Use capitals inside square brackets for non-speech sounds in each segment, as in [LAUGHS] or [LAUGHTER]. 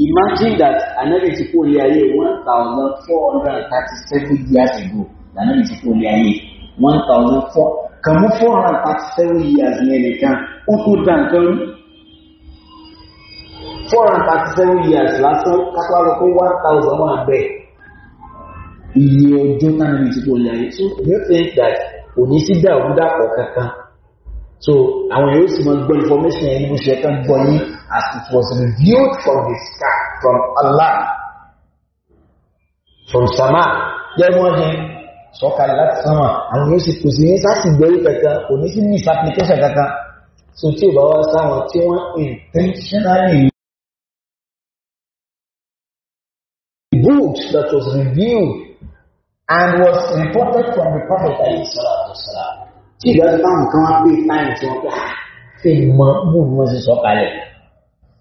Imagine that Ànábì ti kó lé ayé one thousand four hundred and thirty seven years ago Ànábì ti kó lé ayé one thousand four kàmú four hundred and thirty seven years ní ẹnìkan ó tó dá four hundred and thirty seven years lásán kátó àlọ́ pé one thousand one bẹ́ẹ̀ iye ọjọ́ tánàbì ti kó lé ayé so you think that òní sí dàrú dàpọ̀ kankan so àwọn yóò sì máa gbọ́ information yẹn ní bó ṣe kán gbọ́ yín as it was revealed from the sky from Allah from sama jẹ́gbọ́n ṣe sọ́kalẹ̀ láti sánmà àwọn yóò sì kò sí ní sátìgbẹ́rí kankan kò ní sí misapplication kankan so tí ò bá wá sáwọn tí wọ́n intentionally book that was revealed and was reported from the prophet alayhi salatu wasalam tí ìgbà tí táwọn kan wá pé táyì tí wọ́n pé ah, àfihàn mọ́ bùn wọn sì sọ́kalẹ̀.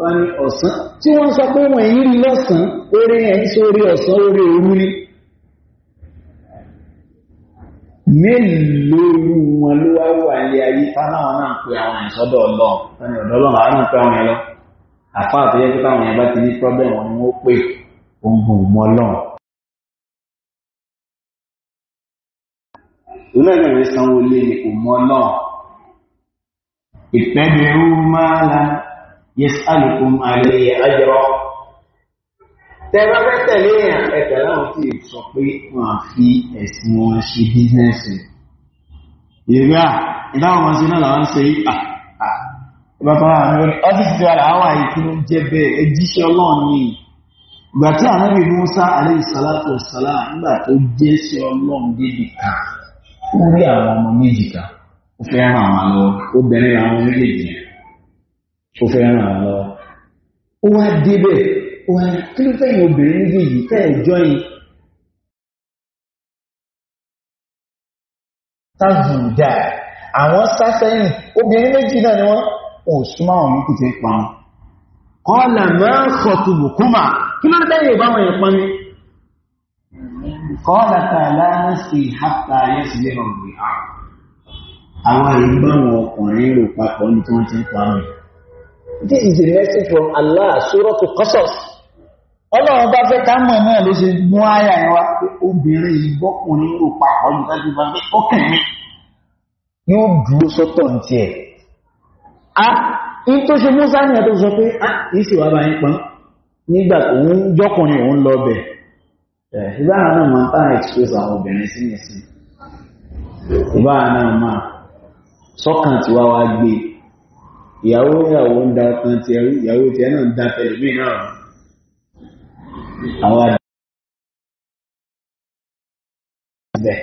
wọ́n ní ọ̀sán tí wọ́n sọ pé wọ́n èyí rí lọ́sàn orí ẹ̀yìn sórí ọ̀sán orí òru rí mélòó wọn ló wà ní ayé táwọn náà pé àwọn ìsọdọ̀ ọlọ́ọ̀ ẹni ọ̀dọ́ ọlọ́ọ̀ àwọn lọ àfáà bá ti ní ni wọ́n pè ohun sanwó ni kò mọ́ يسألكم عليه alei tẹ́lá fẹ́ tẹ̀lé èèyàn ẹ̀tẹ̀ láwọn tí sọ pé á fi ẹ̀sìn wọn ṣe bísẹ́ẹ̀sì ìrírí à ìdáwọn wọn sí náà làwọn ṣe à bàbá àwọn ọ́fíìsì tí wà láwà yìí kí ló ni ìgbà tí Musa salatu nígbà tó débi kan rí àwọn ọmọ méjì kan ó lọ ó fẹ́ ràn án lọ ó wá débẹ̀ ó wá kí ló fẹ́yìn obìnrin méjèèjì tẹ́ ẹ̀ jọyìn táàbùn dà àwọn sá obìnrin méjì náà ni wọ́n ò súnmọ́ àwọn yòókù fẹ́ pa wọn kọ́lá máa sọ̀tù bùkúmà kí ló dẹ́yìn bá wọn ìpọn ni kọ́lá tààlá ń sì hápá yẹ́sì lẹ́rọ̀ rẹ̀ àwọn ìgbọ́n ọkùnrin rò papọ̀ ní tí wọ́n ti ń pa wọn This is a message from Allah, Surah to Qasas. Ọlọ́run bá fẹ́ ká mọ̀ náà ló ṣe mú àyà ẹ̀ wá pé obìnrin ìgbọ́kùnrin rò pa ọdún dájú bá fẹ́ ọkùnrin yóò dúró sọ́tọ̀ ní tiẹ̀. A ní tó ṣe Musa ní ẹ̀tọ́ sọ pé a ah, kìí sì wá bá yín pọn nígbà òun jọ́kùnrin òun lọ bẹ̀. Ìbára náà máa ń tàn àwọn obìnrin sí ní sí. Ìbára náà máa sọ́kàn tiwa wá gbé e ìyàwó ìyàwó ń da kan ti ẹrú ìyàwó ti ẹ náà ń da tẹlẹ mí náà àwọn àbẹ̀.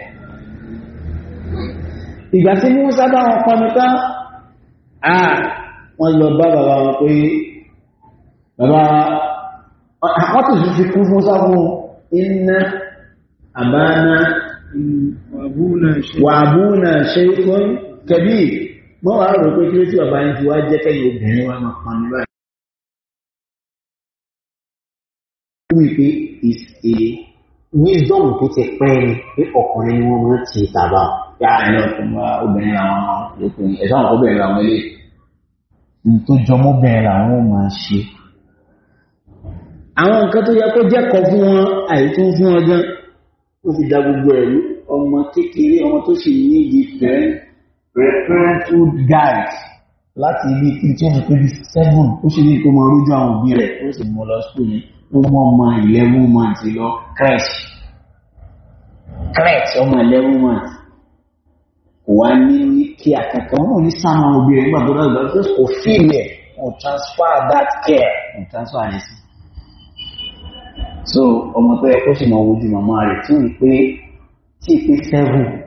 ìgbà tí Musa bá wọn pọnmi tán à wọ́n lọ bá bàbá wọn pé bàbá wọ́n ti fi kú Musa fún iná àbáná wàbúnà ṣe kẹ́bíì wọ́n wá rò pé kí ló tí bàbá yín fi wá jẹ́ kẹ́yìn obìnrin wa máa pa nígbà yìí. ó wí pé ìsè wisdom tó ti pẹ́ ni pé ọkùnrin ni wọ́n máa ń ti tàbá. yá ẹ̀rọ ìfúnwa obìnrin làwọn ọkùnrin ẹ̀sán àwọn obìnrin làwọn ilé. tó jọmọ́ bẹ́ẹ̀ làwọn máa ṣe. àwọn nǹkan tó yẹ kó jẹ́kọ̀ọ́ fún wọn àìtún fún wọn gan. wọ́n ti da gbogbo ẹ̀rú ọmọ kékeré ọmọ tó sì ní ìdí fẹ́ẹ́ parenthood guide láti ilé kí n tí ó fi pé seven ó ṣe ní kó máa rójú àwọn òbí rẹ̀ ó sì mú lọ school ní ó mú ọmọ eleven months lọ crèche crèche ọmọ eleven months kò wá ní kí àkàkọ́ wọn ò ní sáà máa òbí rẹ̀ nígbà tó lọ́dọ̀ lọ́dọ̀ kò fi ilẹ̀ wọn transfer that care wọn transfer rẹ̀ sí. so ọmọ tó yẹ kó sì máa wojú màmá rẹ̀ tí ò ní pé tí ì pé seven.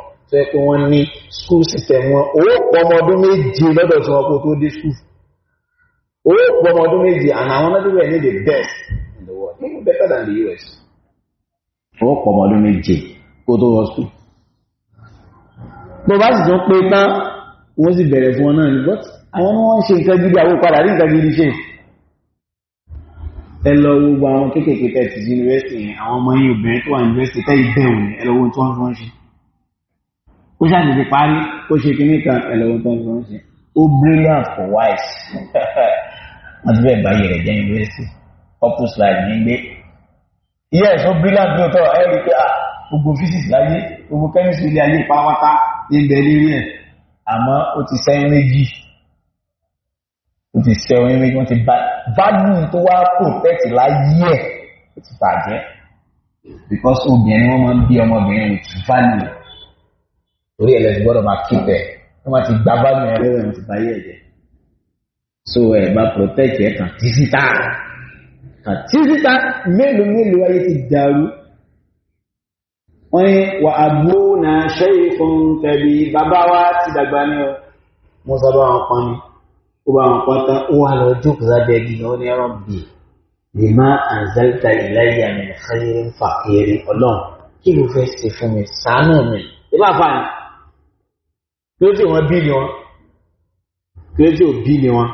tó yẹ pé wọ́n ní skúl system wọn owó pọmọ ọdún méje lọ́dọ̀ tí wọ́n kó tó dé skúl owó pọmọ ọdún méje and àwọn ọdún méje the best in the world Even better than the US owó pọmọ ọdún méje kó tó wọ skúl tó bá sì tún pé tán wọ́n sì bẹ̀rẹ̀ fún wọn náà ní but àwọn ni wọ́n ń ṣe nǹkan gidi àwọn padà rí nǹkan gidi ṣe ẹ lọ wo gbogbo àwọn kéékèèké tẹ̀ ti yunifásitì àwọn ọmọ yìí obìnrin tó wà yunifásitì tẹ́ ìbẹ̀wò ẹ lọ wo tí wọ́n fi wọ́n ṣe ó ṣàtìtì parí ó ṣe kí nìkan ẹlẹ́wọ̀n tó ń lọ sí ó brilliant for wise [LAUGHS] wọ́n ti bẹ́ẹ̀ báyìí rẹ̀ jẹ́ yunifásitì purpose life ní gbé yes ó brilliant lóòótọ́ ẹ rí i pé ah, gbogbo physics láyé gbogbo chemistry ilé ayé pátápátá ní ibẹ̀ lérí ẹ̀ àmọ́ ó ti sẹ́yìn méjì ó ti sẹ́yìn méjì wọ́n ti bá value tó wá protect láyé ẹ̀ ó ti bàjẹ́ because obìnrin wọn máa ń bí ọmọbìnrin with value torí ẹlẹ́sì gbọ́dọ̀ máa kí bẹ̀ wọ́n ti gba bámi ẹ ẹ̀rọ ti bá yẹ̀ jẹ́ so ẹ̀ bá protect ẹ̀ kàn tí síta kàn tí síta mélòó mélòó ayé ti dàrú wọ́n ní wà àbúrò náà ṣẹ́yìn fún tẹ̀lé bàbá wa ti dàgbà ní ọ mo sọ wọn pọn ni ó bá wọn pọn tán ó wà lọ jókòó lábẹ́ igi náà ní ẹ̀rọ bì lè má àǹzẹ́lítà ìlẹ́yà ní xẹ́yìn fàkiri ọlọ́run kí ló fẹ́ ṣe fún mi ṣàánú mi ìbá ni kírésì wọn bí ni wọn kírésì ò bí ni wọn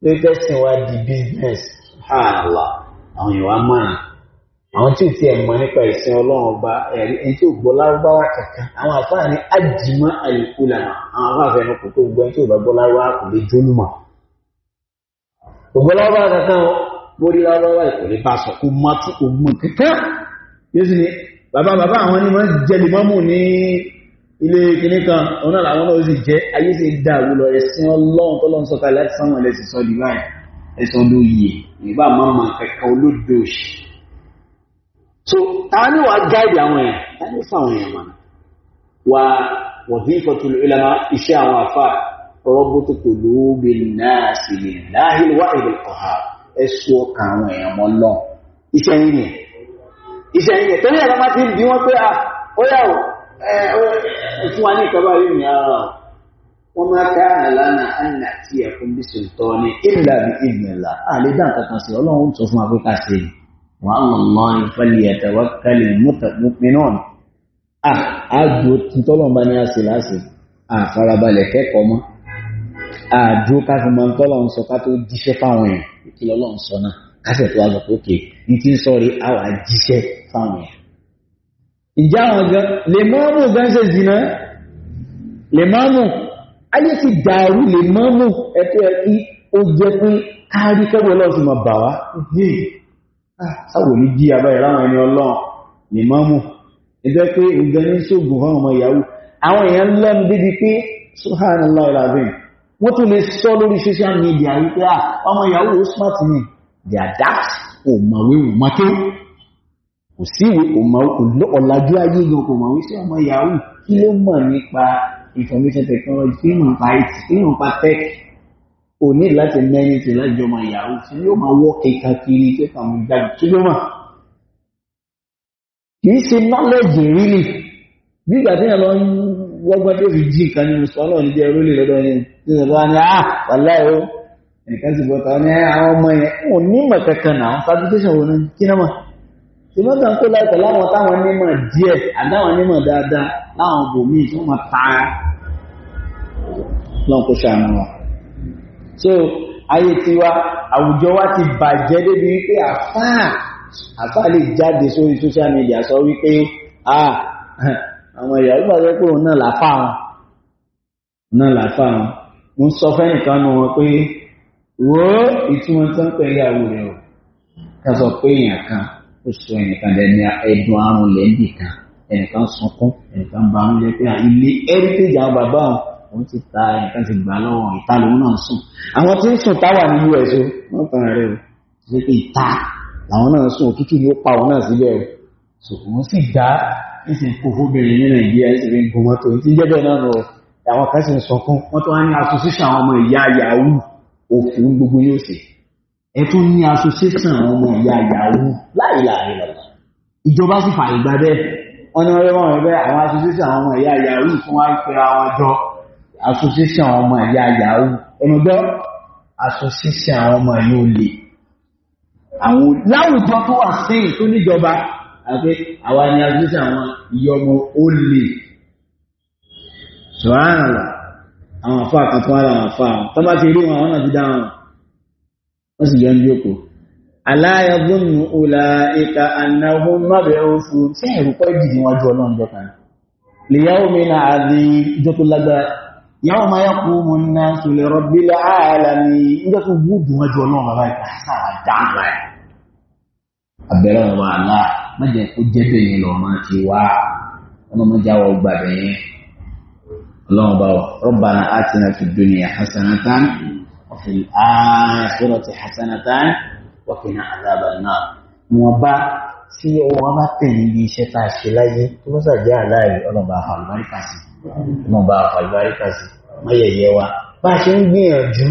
kírésì wa di business hàlà àwọn èèyàn wa mọ̀nà àwọn tí ò tiẹ̀ mọ̀ nípa ìsìn ọlọ́run ọba ẹ̀rí ẹni tí ò gbọ́ lárúbáwá kankan àwọn àfáà ní àjìmọ́ àyíkú lànà àwọn àfáà fẹ́ràn kò tó gbọ́ ẹni tí ò bá gbọ́ lárúbáwá kò lè jólùmọ̀ kò gbọ́ lárúbáwá kankan lórí lárúbáwá kò lè bá sọ kó mọ́tò ògbọ́n kankan yóò sì ní bàbá bàbá àwọn ni wọ́n jẹ́ ilé kìíní kan ọ̀nà àwọn náà sì jẹ́ ayé sì dàrú lọ ẹ̀sìn ọlọ́run tó lọ́n sọ́ka láti sáwọn ẹlẹ́sìn sọ dì ẹ̀sọ́ lóye ìbá máma kẹ̀kẹ́ olódò òṣì so ta ni wàá gáàdì àwọn èèyàn ta ni fáwọn èèyàn mọ̀nà wa wọ̀dí ìfọ̀tún ìlànà iṣẹ́ àwọn afá ọlọ́gbó tó kò lóògbé náà sì lè láhìlì wá ìlú ọ̀hà ẹ̀sùn ọkàn àwọn èèyàn mọ́ ẹ̀rọ máa ti bí wọ́n pé ó yà fún wa ní ìkọ́bá yìí ní ara wọ́n máa ká àlànà àná tí ẹ̀kún bí sèǹtọ́ ní ìlà bí ìgbìnlá àlédà kankan sí ọlọ́run tó fún afẹ́ká sí i wọ́n á lọ mọ́ ìfẹ́lẹ̀ ẹ̀tẹ̀wọ́ kẹ́lẹ̀ mọ́tàmínà àádùn títọ́lọ́mbá ní àṣẹ láṣẹ àfarabalẹ̀ kẹ́kọ̀ọ́ mọ́ àádùn káfíńmọ́ tọ́lọ́run sọ ká tó jíṣẹ́ fáwọn èèyàn kí sọ náà kásẹ̀ tó wá lọ pé òkè ní tí ń sọ rí àwọn àjíṣẹ́ fáwọn èèyàn ìjá àwọn gan lè mọ́mù gan ṣe zìnà lè mọ́mù ayé ti dàrú lè mọ́mù ẹ̀tọ́ ẹ̀kí ó jẹ́ pín káàrí kẹ́gbẹ̀ lọ́sùn ma bà wá sáwò ní jí abẹ́ ìráwọn ẹni ọlọ́run lè mọ́mù ẹjẹ́ pé ìgbẹ́ ní ṣògùn fáwọn ọmọ yahoo àwọn èèyàn lẹ́nu débi pé subhanallah alazim wọ́n tún lè sọ lórí social media wípé ọmọ yahoo ó smart ni they adapt ò mọ̀wé ò mọ́tò kò sí ìwé kò mọ̀ kò lọ ọ̀làjú ayé gan kò mọ̀ àwọn iṣẹ́ ọmọ yahoo kí ló mọ̀ nípa information technology kí ló mọ̀ nípa it kí ló mọ̀ nípa tech ò ní láti mẹ́rin ti láti ọmọ yahoo tí yóò máa wọ́ kíkà kiri tí kò mọ̀ jáde kí ló mọ̀. kì í ṣe knowledge really nígbà tí yẹn lọ ń wọ́gbọ́n tó fi jí nǹkan nínú sọ́ọ́lọ́ ní jẹ́ rólì lọ́dọ̀ yẹn tí yẹn lọ́wọ́ ni à wàlá ẹ̀ o ẹnìkan sì bọ́ta ní ah, àwọn ọmọ yẹn ò ní mọ̀ kankan náà fabrication wo ni kí náà mọ̀ ṣùgbọ́n kan kó láìpẹ́ láwọn táwọn onímọ̀ díẹ̀ àdáwọn onímọ̀ dáadáa láwọn bòmíì tí wọ́n máa tààrà lọ́n kó ṣàánú wa so ayé tiwa àwùjọ wa ti bàjẹ́ débi wípé àfáà àfáà lè jáde sórí social media sọ wípé ah àwọn ìyàwó gbàgbé pé òun náà làáfà wọn náà làáfà wọn mo sọ fẹ́nìkan nu wọn pé wo ìtumọ̀ tí wọ́n pẹ̀lú ìyàwó rẹ̀ o ká sọ pé èèyàn kan ó sọ ẹnìkan dẹni ẹdùn àrùn lẹ́ẹ̀dì kan ẹnìkan sunkún ẹnìkan bá wọn jẹ pé ilé heritage àwọn bàbá wọn òun ti ta ẹnìkan ti gbà lọ́wọ́ ìta lòun náà sùn àwọn tí ń sùn táwà ní us o wọn kàn rẹ o ṣe pé ìta làwọn náà sùn òkìkí ni ó pa òun náà síbẹ̀ o ṣùgbọ́n sì dá ìsìn kò fóbìnrin ní nàìjíríà ìsìn fi ń gun mọ́tò ń jẹ́ bẹ́ẹ̀ náà lọ àwọn kan sì ń sọkún wọ́n tó wá ní asosíṣàn àwọn ọmọ ìyá yahoo òfin gbogbo yóò sì ẹ tún ní association ọmọ ìyá yahoo láìláì lọ́la ìjọba sì fààyè gba bẹ́ẹ̀ wọ́n ní wọ́n lé wọ́n bẹ́ẹ̀ àwọn association ọmọ ìyá yahoo fún wa pera wọn jọ association ọmọ ìyá yahoo ẹnu gbọ́ association ọmọ ìyá olè àwọn láwùjọ tó wà sẹ́yìn tó níjọba àti àwa ni association àwọn ìyá ọmọ olè sọ̀rọ̀ àwọn àfa kan tó wà láwọn àfa tó ti rí wọn àwọn náà ti dá wọn wọ́n sì jọ ń jókòó aláyàgbónú ọlá ìka anáhùn mábẹ̀rún fún ṣe ìrùkọ́ ìdìdì wọn jọ ọlọ́run jọta lè yáwó mẹ́nà àti ìjọ tó lágbára yáwó máa yá kú mọ́ ná sùlẹ̀ rọ̀bílẹ̀ ààlà ní ìjọ tó gúdù wọn jọ ọlọ́run bàbá ìta sáà dáàbà abẹ́rẹ́ ọ̀rọ̀ àlá mẹ́jẹ̀ kó bá wà rọ́bà àti nàfi dúnìyà hasanatan وفي الآخرة حسنة وقنا عذاب النار وبا tí ọwọ́ bá tẹ̀ níbi iṣẹ́ tá a ṣe láyé tó bá ṣàjẹ́ àláàrí ọlọ́ba àfàlùbáríkà sí ọlọ́ba àfàlùbáríkà sí mọ́yẹ̀yẹ wa bá a ṣe ń gbìyànjú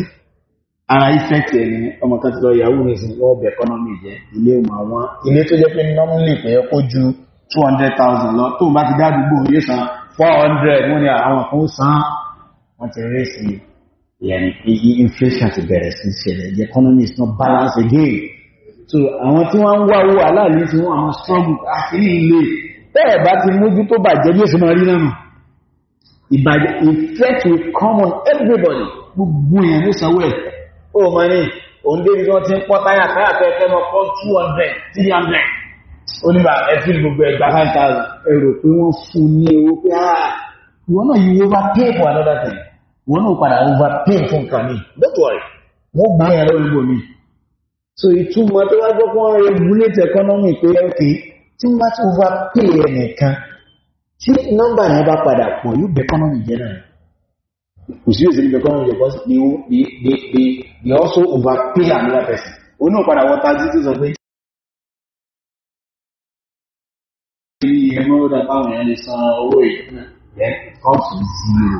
ara iṣẹ́ tiẹ̀ ni ọmọ kan ti lọ yahoo nìsín wọ́n bẹ̀ ẹkọ́nọ́mì jẹ́ ilé òmà wọn ilé tó jẹ́ pé nọ́mìnì pé ó ju two hundred thousand lọ tóun bá ti dá àdúgbò yóò san four hundred wọ́n ní àwọn kan ó san wọ́n ti rí sí i yẹni inflation ti bẹ̀rẹ̀ sí ṣẹlẹ̀ the economy is not balanced again so àwọn tí wọ́n ń wá owó aláàlú tí wọ́n àwọn struggle àti ilé bẹ́ẹ̀ bá ti mójú tó bàjẹ́ bí ó ṣe máa rí náà ìbàjẹ́ effect will come on everybody gbogbo èèyàn ló sanwó ẹ̀ ó mọ ní òun débi tí wọ́n ti ń pọ́ táyà táyà tó ẹ̀kẹ́ mọ́ pọ́ two hundred three hundred oníbà ẹ̀fín gbogbo ẹgbà five thousand ẹ̀rọ pé wọ́n fún ní owó pé ah ìwọ náà yíwó bá pay for another thing wọ́n náà padà over pain fún nǹkan ní don't worry wọ́n gbá ẹ̀rọ ìgbò mi so ìtumọ̀ tó wájọ́ kún wọ́n regulate economy pé okay tí wọ́n bá ti over pay ẹnìkan tí nọ́mbà yẹn bá padà pọ̀ yóò bẹ̀ economy jẹ́ náà kò sí òsèlú bẹ̀ economy jẹ́ because they, they, they, they, they also over pay another person òun náà padà wọ́n ta títí sọ pé ẹni ẹ̀mọ́ ó dàbáwọn ẹni san owó ìdúnà it comes to zero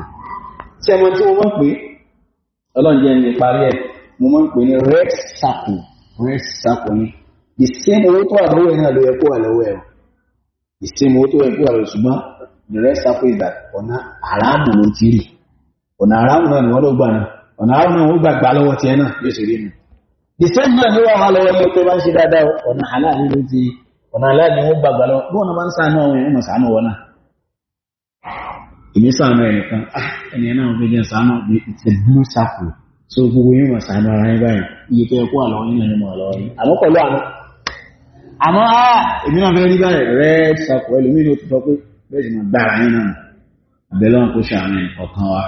ṣe mọ tí mo mọ̀ pé ọlọ́njẹ́ ní parí ẹ̀ mo mọ̀ pé ní rex sapo rex sapo ni the same owó tó wà lọ́wọ́ ẹ̀ náà ló yẹ kó wà lọ́wọ́ ẹ̀ o the same owó tó yẹ kó wà lọ́wọ́ ṣùgbọ́n the rex sapo ìgbà ọ̀nà aráàmù ló ti rì ọ̀nà aráàmù náà ni wọ́n ló gbà náà ọ̀nà aráàmù náà wọ́n gbà gbà lọ́wọ́ tiẹ̀ náà yóò ṣe rí mi the same náà ni wọ́n wà lọ́wọ́ ẹ̀ tó bá ń ṣe dáadáa ọ̀nà aláàlú ló ti ọ̀nà aláàlú ni wọ́n gbà gbà lọ́wọ́ bí wọ́n bá ń sàánú àwọn èèyàn mọ̀ sàánú wọn náà èmi sànú ẹnìkan ẹni ah, ẹ̀ náà fẹ́jẹ́ sànú ìtẹ̀ blue circle so gbogbo yín wọ̀n sànú ara yín báyìí iye tó yẹ kó àlọ́ yín nínú àlọ́ yín àmọ́ pẹ̀lú àná àmọ́ á ah, èmi náà fẹ́ rí báyìí red circle ẹlòmíì ló ti sọ pé bẹ́ẹ̀ sì máa gbára yín náà àbẹ̀ lọ́n kó sànú ọ̀kan wa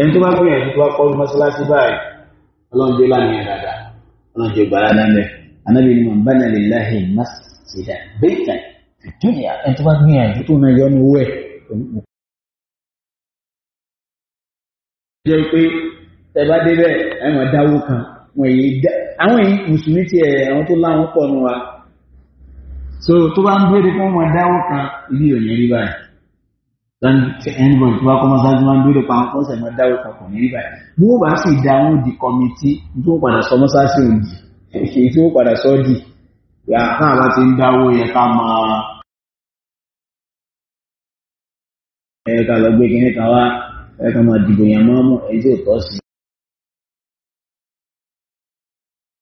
ẹni tó bá gbìyànjú tó bá kọ́ ní mọ́ṣáláṣí báyìí ọlọ́run jẹ́ lánàá yẹn dáadáa ọlọ́run jẹ́ gbàrà lálẹ́ anábì ni mo bá nàlẹ́ láhìn masjid bẹ́ẹ̀ tán ìdúnyà ẹni tó bá gbìyànjú tó náà yọ ní owó ẹ̀ jẹ́ pé tẹ̀bá débẹ̀ ẹ̀wọ̀n dáwó kan wọ́n èyí dá àwọn èyí mùsùlùmí ti ẹ̀ àwọn tó láwọn pọ̀ nù wa so tó bá ń béèrè fún wọn dáwó kan ibi ò ní rí báyìí dan anybody tó bá kọ́ mọ́sáájú máa ń béèrè pa àwọn kọ́sẹ̀ máa dáwó kan kò ní rí báyìí bí wọ́n bá sì dá wọn di kọ́mítì tó ń padà sọ mọ́sáájú òdì èyí tó ń padà sọ dì yàtọ̀ àbá ti ń dáwó yẹ ká máa ẹ̀ka lọ gbé kinní kan wá ẹ̀ka máa dìbò yàn máa mọ̀ èyí tí ò tọ́ sí.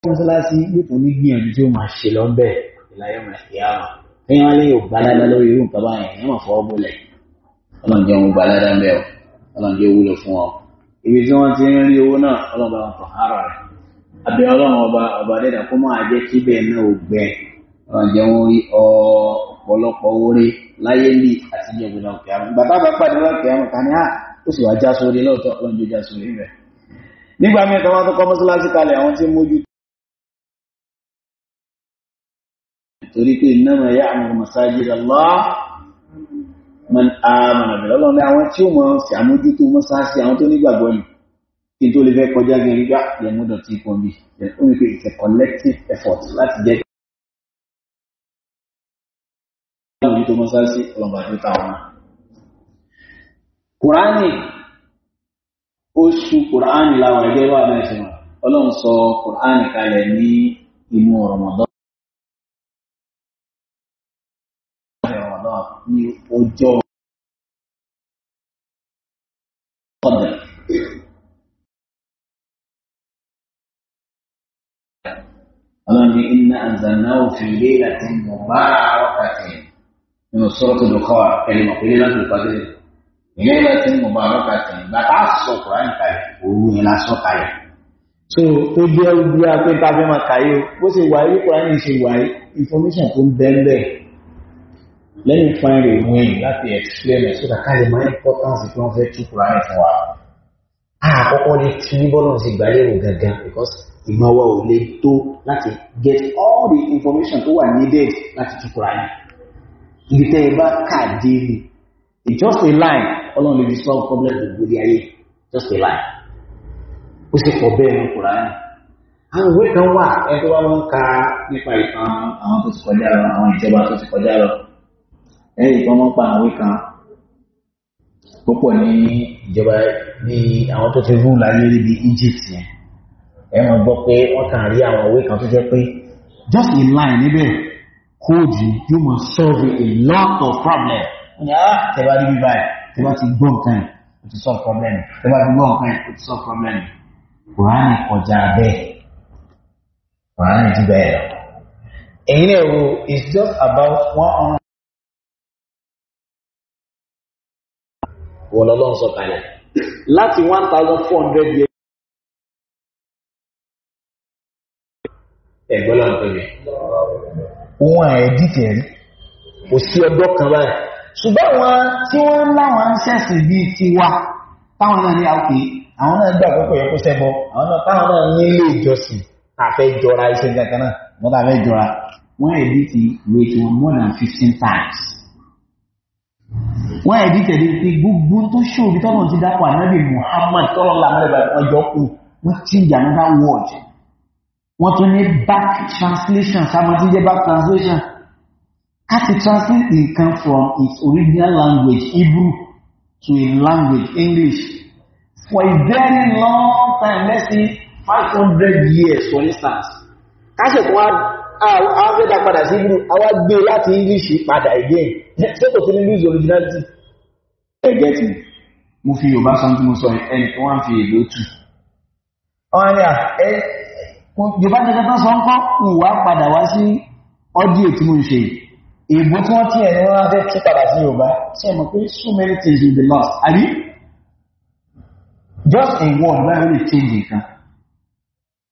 mọ́sálásí nípò ní gbìyànjú tí ó máa ṣe lọ́bẹ̀ ìlàyé máa ṣe yá wa fẹ́yìn wálé yóò gbalada lórí irú nǹkan báyẹn ẹ̀ máa fọwọ́ bọ̀lẹ̀ ọlọ́run jẹ́ òun gbalada ń bẹ̀ ọ́ ọlọ́run jẹ́ wúlò fún ọ ibi tí wọ́n ti ń rí owó náà ọlọ́run bá wọn tàn ara rẹ̀ àbí ọlọ́run ọba ọba dẹ́dà kó máa jẹ́ kí bẹ́ẹ̀ náà ó sì wá já sórí lọ́tọ̀ ọlọ́njọ́ já sórí rẹ̀ nígbà mẹ́ta wọ́n tó kọ́ mọ́sálásí kalẹ̀ àwọn tí mójú torí pé innama ya'muru masajida Allah man amana bihi ọlọ́run ní àwọn tí ó mọ̀ sí àmójútó mọ́sálásí àwọn tó nígbàgbọ́ ni kí n tó lè fẹ́ kọjá gẹ̀rí gbá yẹnu dọ̀tí kan bí ó ní pé it's a collective effort láti jẹ́ àmójútó mọ́sálásí ọlọ́run àti táwọn náà kùránì oṣù kùránì láwọn ẹgbẹ́ wà náà ṣe wọn ọlọ́run sọ kùránì kalẹ̀ ní inú ọ̀rọ̀mọ̀dọ́ ní ọjọ́ ọ̀dẹ̀ ọlọ́run ní iná àzànà òfin ilé àti mọ̀bára ọ̀kàtẹ̀ nínú sọ́ọ̀tù lọ́kọ́ ẹ̀lẹ́mọ̀ pé láti ìpàdé lẹ́lẹ́tì mùbárakàtì bàtà sọ kùránì kalẹ̀ òru yẹn la sọ kalẹ̀. so ó jẹ́ ojú apẹ́ tá a fẹ́ máa kàyé bó ṣe wà yí kùránì ṣe wà yí information tó ń bẹ́ ńbẹ́ lẹ́yìn find a way láti explain it ẹ̀ sódà ká lè máa importance tí wọ́n fẹ́ tú kùránì fún wa. àkọ́kọ́ ni tí bọ́lá ṣe gbà lérò gangan because ìmọ̀ wa ò lè tó láti get all the information tó wà needed láti tú kùránì. ibi tẹ́ ẹ bá kà dé ni it's just a line ọlọ́run lè fi solve problem gbogbo di ayé just a lie ó sì pọ̀ bẹ́ẹ̀ ní kùránì àwọn ìwé kan wà ẹni wá wọn ka nípa ìtàn àwọn tó ti kọjá lọ àwọn ìjọba tó ti kọjá lọ ẹni ìtàn wọn pa àwọn ìwé kan púpọ̀ ní ìjọba ní àwọn tó ti rú láyé níbi Egypt yẹn ẹ mọ̀ gbọ́ pé wọ́n kàn rí àwọn ìwé kan tó jẹ́ pé just a lie níbẹ̀ kóòdù yóò mọ̀ solve a lot of problems. Yeah, àá tẹ̀wá níbi báyìí tó bá ti gbọ́ nǹkan yìí ó ti solve problem tó bá ti gbọ́ nǹkan yìí ó ti solve problem kùránì kọjá bẹ́ẹ̀ kùránì ti bẹ́ẹ̀ lọ. èyí náà wo it's just about one hundred. wọ́n lọ́lọ́run sọ kalẹ̀ láti one thousand four hundred years. ẹ̀gbọ́n lọ́nà tó yẹ. wọn àìdíkẹ̀ rí kò sí ọdọ́ kan báyìí ṣùgbọ́n wọn tí wọ́n láwọn ń ṣẹ̀sìn bíi tiwa táwọn náà ní àwòké àwọn náà gbà pé kò yẹ kó ṣẹbọ àwọn náà táwọn náà ní ilé ìjọsìn àfẹ́ jọra iṣẹ́ kankan náà wọ́n tàbí jọra wọ́n ẹ̀dí ti ìwé tí wọ́n more than fifteen times wọ́n ẹ̀dí tẹ̀lé pé gbogbo tó ṣòbí tọ́nà ti dápọ̀ ànábì Muhammad tọ́lọ́ làmúlẹ̀ ọjọ́ kù wọ́n change another word wọ́n back translation sáwọn tí back translation a ti translate nǹkan from its original language Hebrew to a language English for a very long time let's say five hundred years for instance káṣẹ̀ tó wá áfẹ́dà padà sí Hebrew a wá gbé láti English padà again ṣé kò sí ní lose originality ẹgẹ́ tí mo fi Yorùbá sọ tí mo sọ ẹni tó wá ń fi èdè tù ọ̀rẹ́ ni à ẹ́ Yorùbá jẹ́ kẹta sọ ń kọ́ ìwà padà wá sí ọdí ètí mo ń ṣe yìí ìbò tí wọ́n tí ẹ̀ ní wọ́n fẹ́ tí padà sí Yorùbá tí ẹmọ̀ pé so many things will be lost àbí just in one where really change nǹkan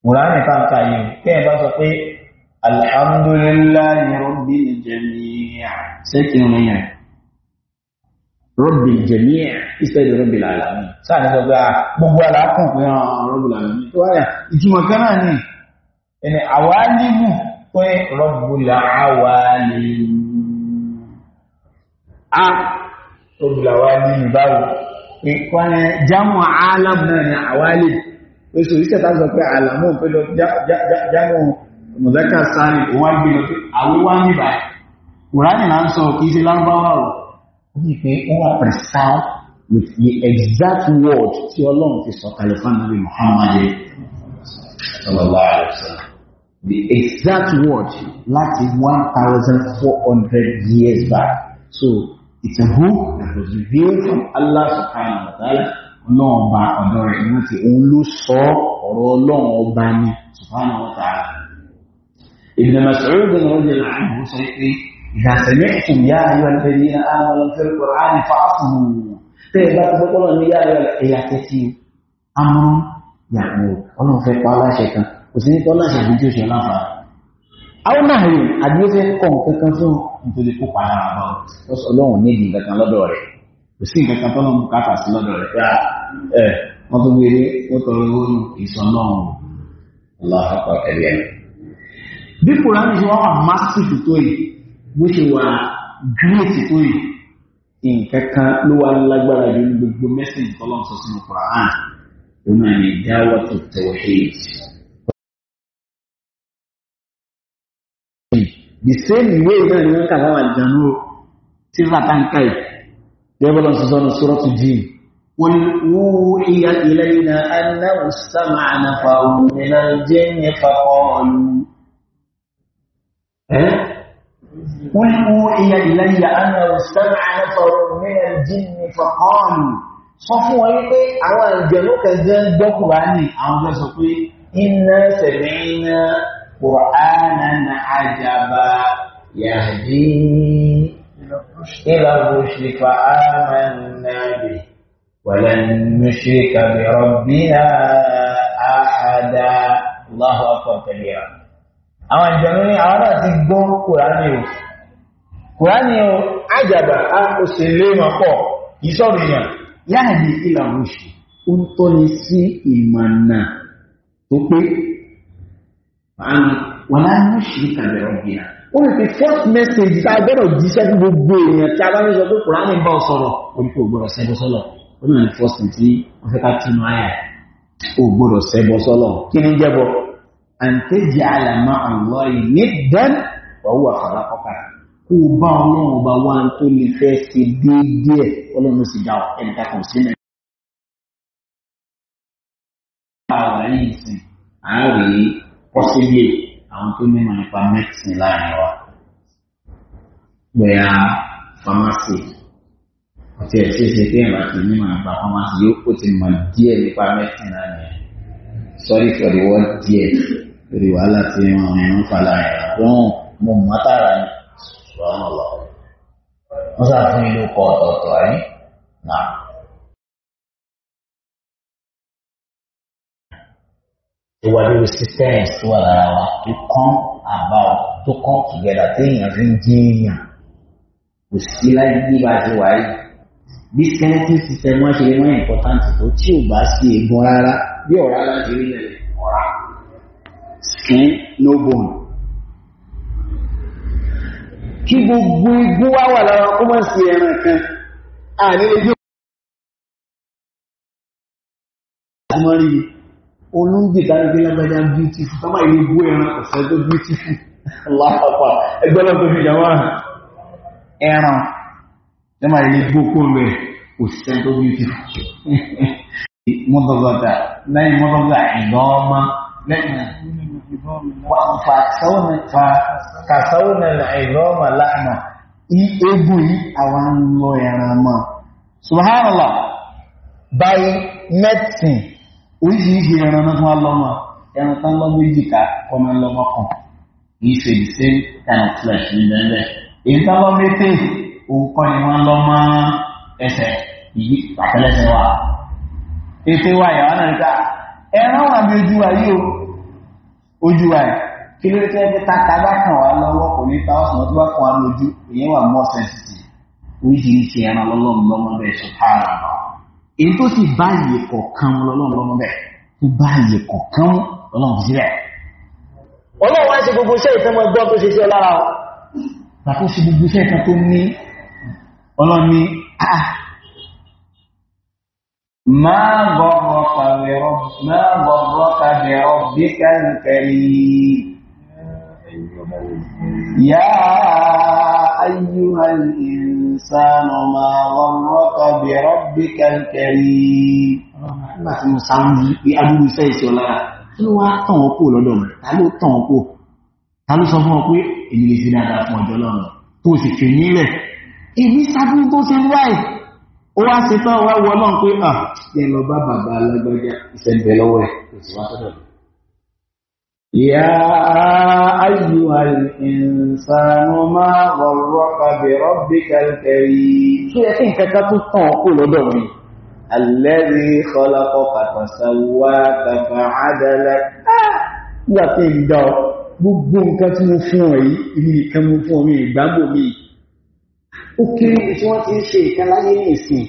wùrán ní káńkà yìí kí ẹ bá sọ pé alhamdulillahi rabbil jami' ṣé kí n yẹn rabbil instead of rabbil alamin sáà ní sọ pé ah, gbogbo alákùn pé ah, rabbil alamin tó wáyà ìtumọ̀ kan náà ni ẹni àwa níbù pé rabbil alamin a obìlàwà ní ìbáwò ìkọ́nẹ̀ jámù alámọ̀rin àwálè oṣù ìṣẹ́ta sọ pé àlàmù pẹ̀lú jámù mọ̀lẹ́kà sáàrì wọ́n gbé lọ pé àwíwá níbà kùránì náà ń sọ kìí sí lárúbáwá rọ̀ ó ní with the exact word tí ọlọ́run fi sọ kalẹ̀ Muhammad the exact word láti 1400 years back so It's a book that was revealed from Allah subhanahu wa ta'ala. Ọlọ́run ọba ọ̀dọ́ rẹ̀ ní ti òun ló sọ ọ̀rọ̀ ọlọ́run ọba ni subhanahu wa ta'ala. Ibn Mas'ud radiyallahu anhu sọ pé idha sami'tum ya ayyuhalladhina amanu fil Qur'ani fa'asmu. Tẹ́ ẹ bá ti gbọ́kọ́ lọ ní yá ayọ́ ẹ̀yà tẹ́tí amúrú yàgò ọlọ́run fẹ́ pa aláṣẹ kan kò sí ní tọ́láṣẹ bí tí ó àwọn náà rí àdúrótẹ́ kọ̀ kankan fún nítorí kó pa ara bọ̀ lọ́sọ̀ ọlọ́run níbi kankan lọ́dọ̀ rẹ̀ kò sí nǹkan tó lọ́mú káfà sí lọ́dọ̀ rẹ̀ pé ẹ wọ́n tó gbére wọ́n tọrọ owó nù ìsọ̀ náà aláàkọ́ ẹ̀rẹ́ ẹ̀. bí kùránì ṣe wọ́n wà massive tó yìí bó ṣe wà great tó yìí nǹkan kan ló wà lágbára ju gbogbo mẹ́sìn tọ́lọ́mù sọ sínú kùránì òun náà ni dáwọ́ tó the same way náà ni wọ́n kà láwọn àjànú tí bàtà ń káì gẹ́gbọ́lọ́ sọ́sọ́nà sọ́rọ̀tù jí wọ́n wú iya ilẹ̀ iná annáwò sáàmà ànàfàwò ìlà jẹ́ ní fàkọ́ọ̀lù قل أوحي إلي أنه استمع نفر من الجن فقالوا sọ fún wọn wípé àwọn àjẹ̀lókẹ̀ jẹ́ gbọ́kùnrin àwọn ọjọ́ sọ pé iná sẹ̀mẹ́ iná قرآنا عجبا يهدي ya الرشد فآمنا به ولن نشرك بربنا أحدا الله أكبر كبيرا àwọn ìjọ̀nú ní àwọn náà ti gbọ́ kùránì o kùránì o ajaba a ó sì lé wọn pọ̀ ìṣọ́rù èèyàn láàrin ìlànà oṣù ó wàlá ní ṣìkà bẹ̀rẹ̀ ọ̀gbìn à. ó lè fi first message tá a gbọ́dọ̀ jíṣẹ́ fún gbogbo èèyàn tí a bá ń sọ pé kùránì bá ọ sọ̀rọ̀ orí kò gbọ́dọ̀ ṣẹbọ sọ́lọ̀ ó náà ní first thing tí wọ́n fẹ́ ká túnú ayà ò gbọ́dọ̀ ṣẹbọ sọ́lọ̀ kí ni jẹ́bọ. àǹtẹ̀jẹ̀ àlàmà àlọ́ ìní dẹ́n wàhùwà fara kọ́kà kó o bá ọlọ́run ọba wa tó lè fẹ́ ṣe déédéé ọlọ́run sì dá ẹnì kankan sí náà. ààrẹ yìí sìn ààrẹ yìí pọ́sílì àwọn tó mímọ̀ nípa medicine láàrin wa bóyá pharmacy ọ̀tí ẹ̀ tí ó ṣe pé ẹ̀rọ àti mímọ̀ nípa pharmacy yóò kó ti mọ̀ díẹ̀ nípa medicine láàrin ẹ̀ sorry for the word díẹ̀ lórí wàhálà tí wọ́n ń fa láàrin ẹ̀ lọ́hùn mo mọ̀ tààrà ní ṣùgbọ́n ọ̀lọ́ wọ́n sàfihàn ìlú kọ ọ̀tọ̀ọ̀tọ̀ ayé náà. ìwà lórí systems tó wà lára wa tó kán àbá wa tó kán ìgbẹ́dà téèyàn fi ń jẹ́ èèyàn kò sí láyé bí bá ti wà yìí bí skeleton system wọn ṣe wọn important tó tí ò bá sí egun rárá bí skin no bone. kí gbogbo igun wá wà lára kó má sí ẹran kan àní lè gbé. olóńgbè dárígbé lágbàjá beautiful tọ́mà ilé gbó ẹran ọ̀fẹ́ tó beautiful lápapà ẹgbẹ́lọ́gbẹ́ fi ẹran tọ́mà ilé gbó kó rẹ̀ na tó beautiful mọ́tọ̀gbọ̀ta lẹ́yìn mọ́tọ̀gbà ya na metin. ozi ẹran náà fún alọ́mọ ẹran tán lọ́mọ èjìká kọ́mọ lọ́mọ kan kì í ṣe the same kind of flesh ní bẹ́ẹ̀ èyí Ese lọ́mọ ètè òun kọ́ ni wọ́n lọ́mọ ẹran wà ní ojú wa ojú wa yìí kí ló bá ta ọ̀sán tó bá kàn wá lójú ìyẹn wà èyí tó sì báyìí kọ̀ọ̀kan lọ́lọ́run lọ́mọ bẹ́ẹ̀ tó báyìí kọ̀ọ̀kan lọ́lọ́run sílẹ̀ ọlọ́run wá sí gbogbo iṣẹ́ ìtẹ́mọ̀ ẹgbọ́n tó ṣe sí ọlára ọ̀ tàbí sí gbogbo iṣẹ́ ìtẹ́ tó ní ọlọ́run ní àà máa gbọ́rọ̀ kàbẹ̀ ọ̀bí kẹ́lẹ̀kẹ́lẹ̀ yáà ayúhàn ìrìn الإنسان ما غرك بربك الكريم nígbà tí mo sáwọn yìí pé adúrú iṣẹ́ ìṣẹ́ ọlára kí ló wá tàn ọ́ kò lọ́dọ̀ mi ta ló tàn ọ́ kò ta ló sọ fún ọ pé èmi lè ṣe dáadáa fún ọjọ́ lọ́nà tó sì ah, lọ bá bàbá alágbájá ìṣẹ̀lẹ̀ lọ́wọ́ rẹ̀ يا أيها الإنسان ما غرك بربك الكريم شو يكين كتبتون قول دومي الذي خلقك فسواك فعدلك ah! nígbà tí ń dá ọ gbogbo nǹkan tí mo fún ọ yìí ibi nìkan mo fún ọ mi ìgbàgbọ́ mi ó kéré tí wọ́n ti ń ṣe ìkan láyé ní ìsìn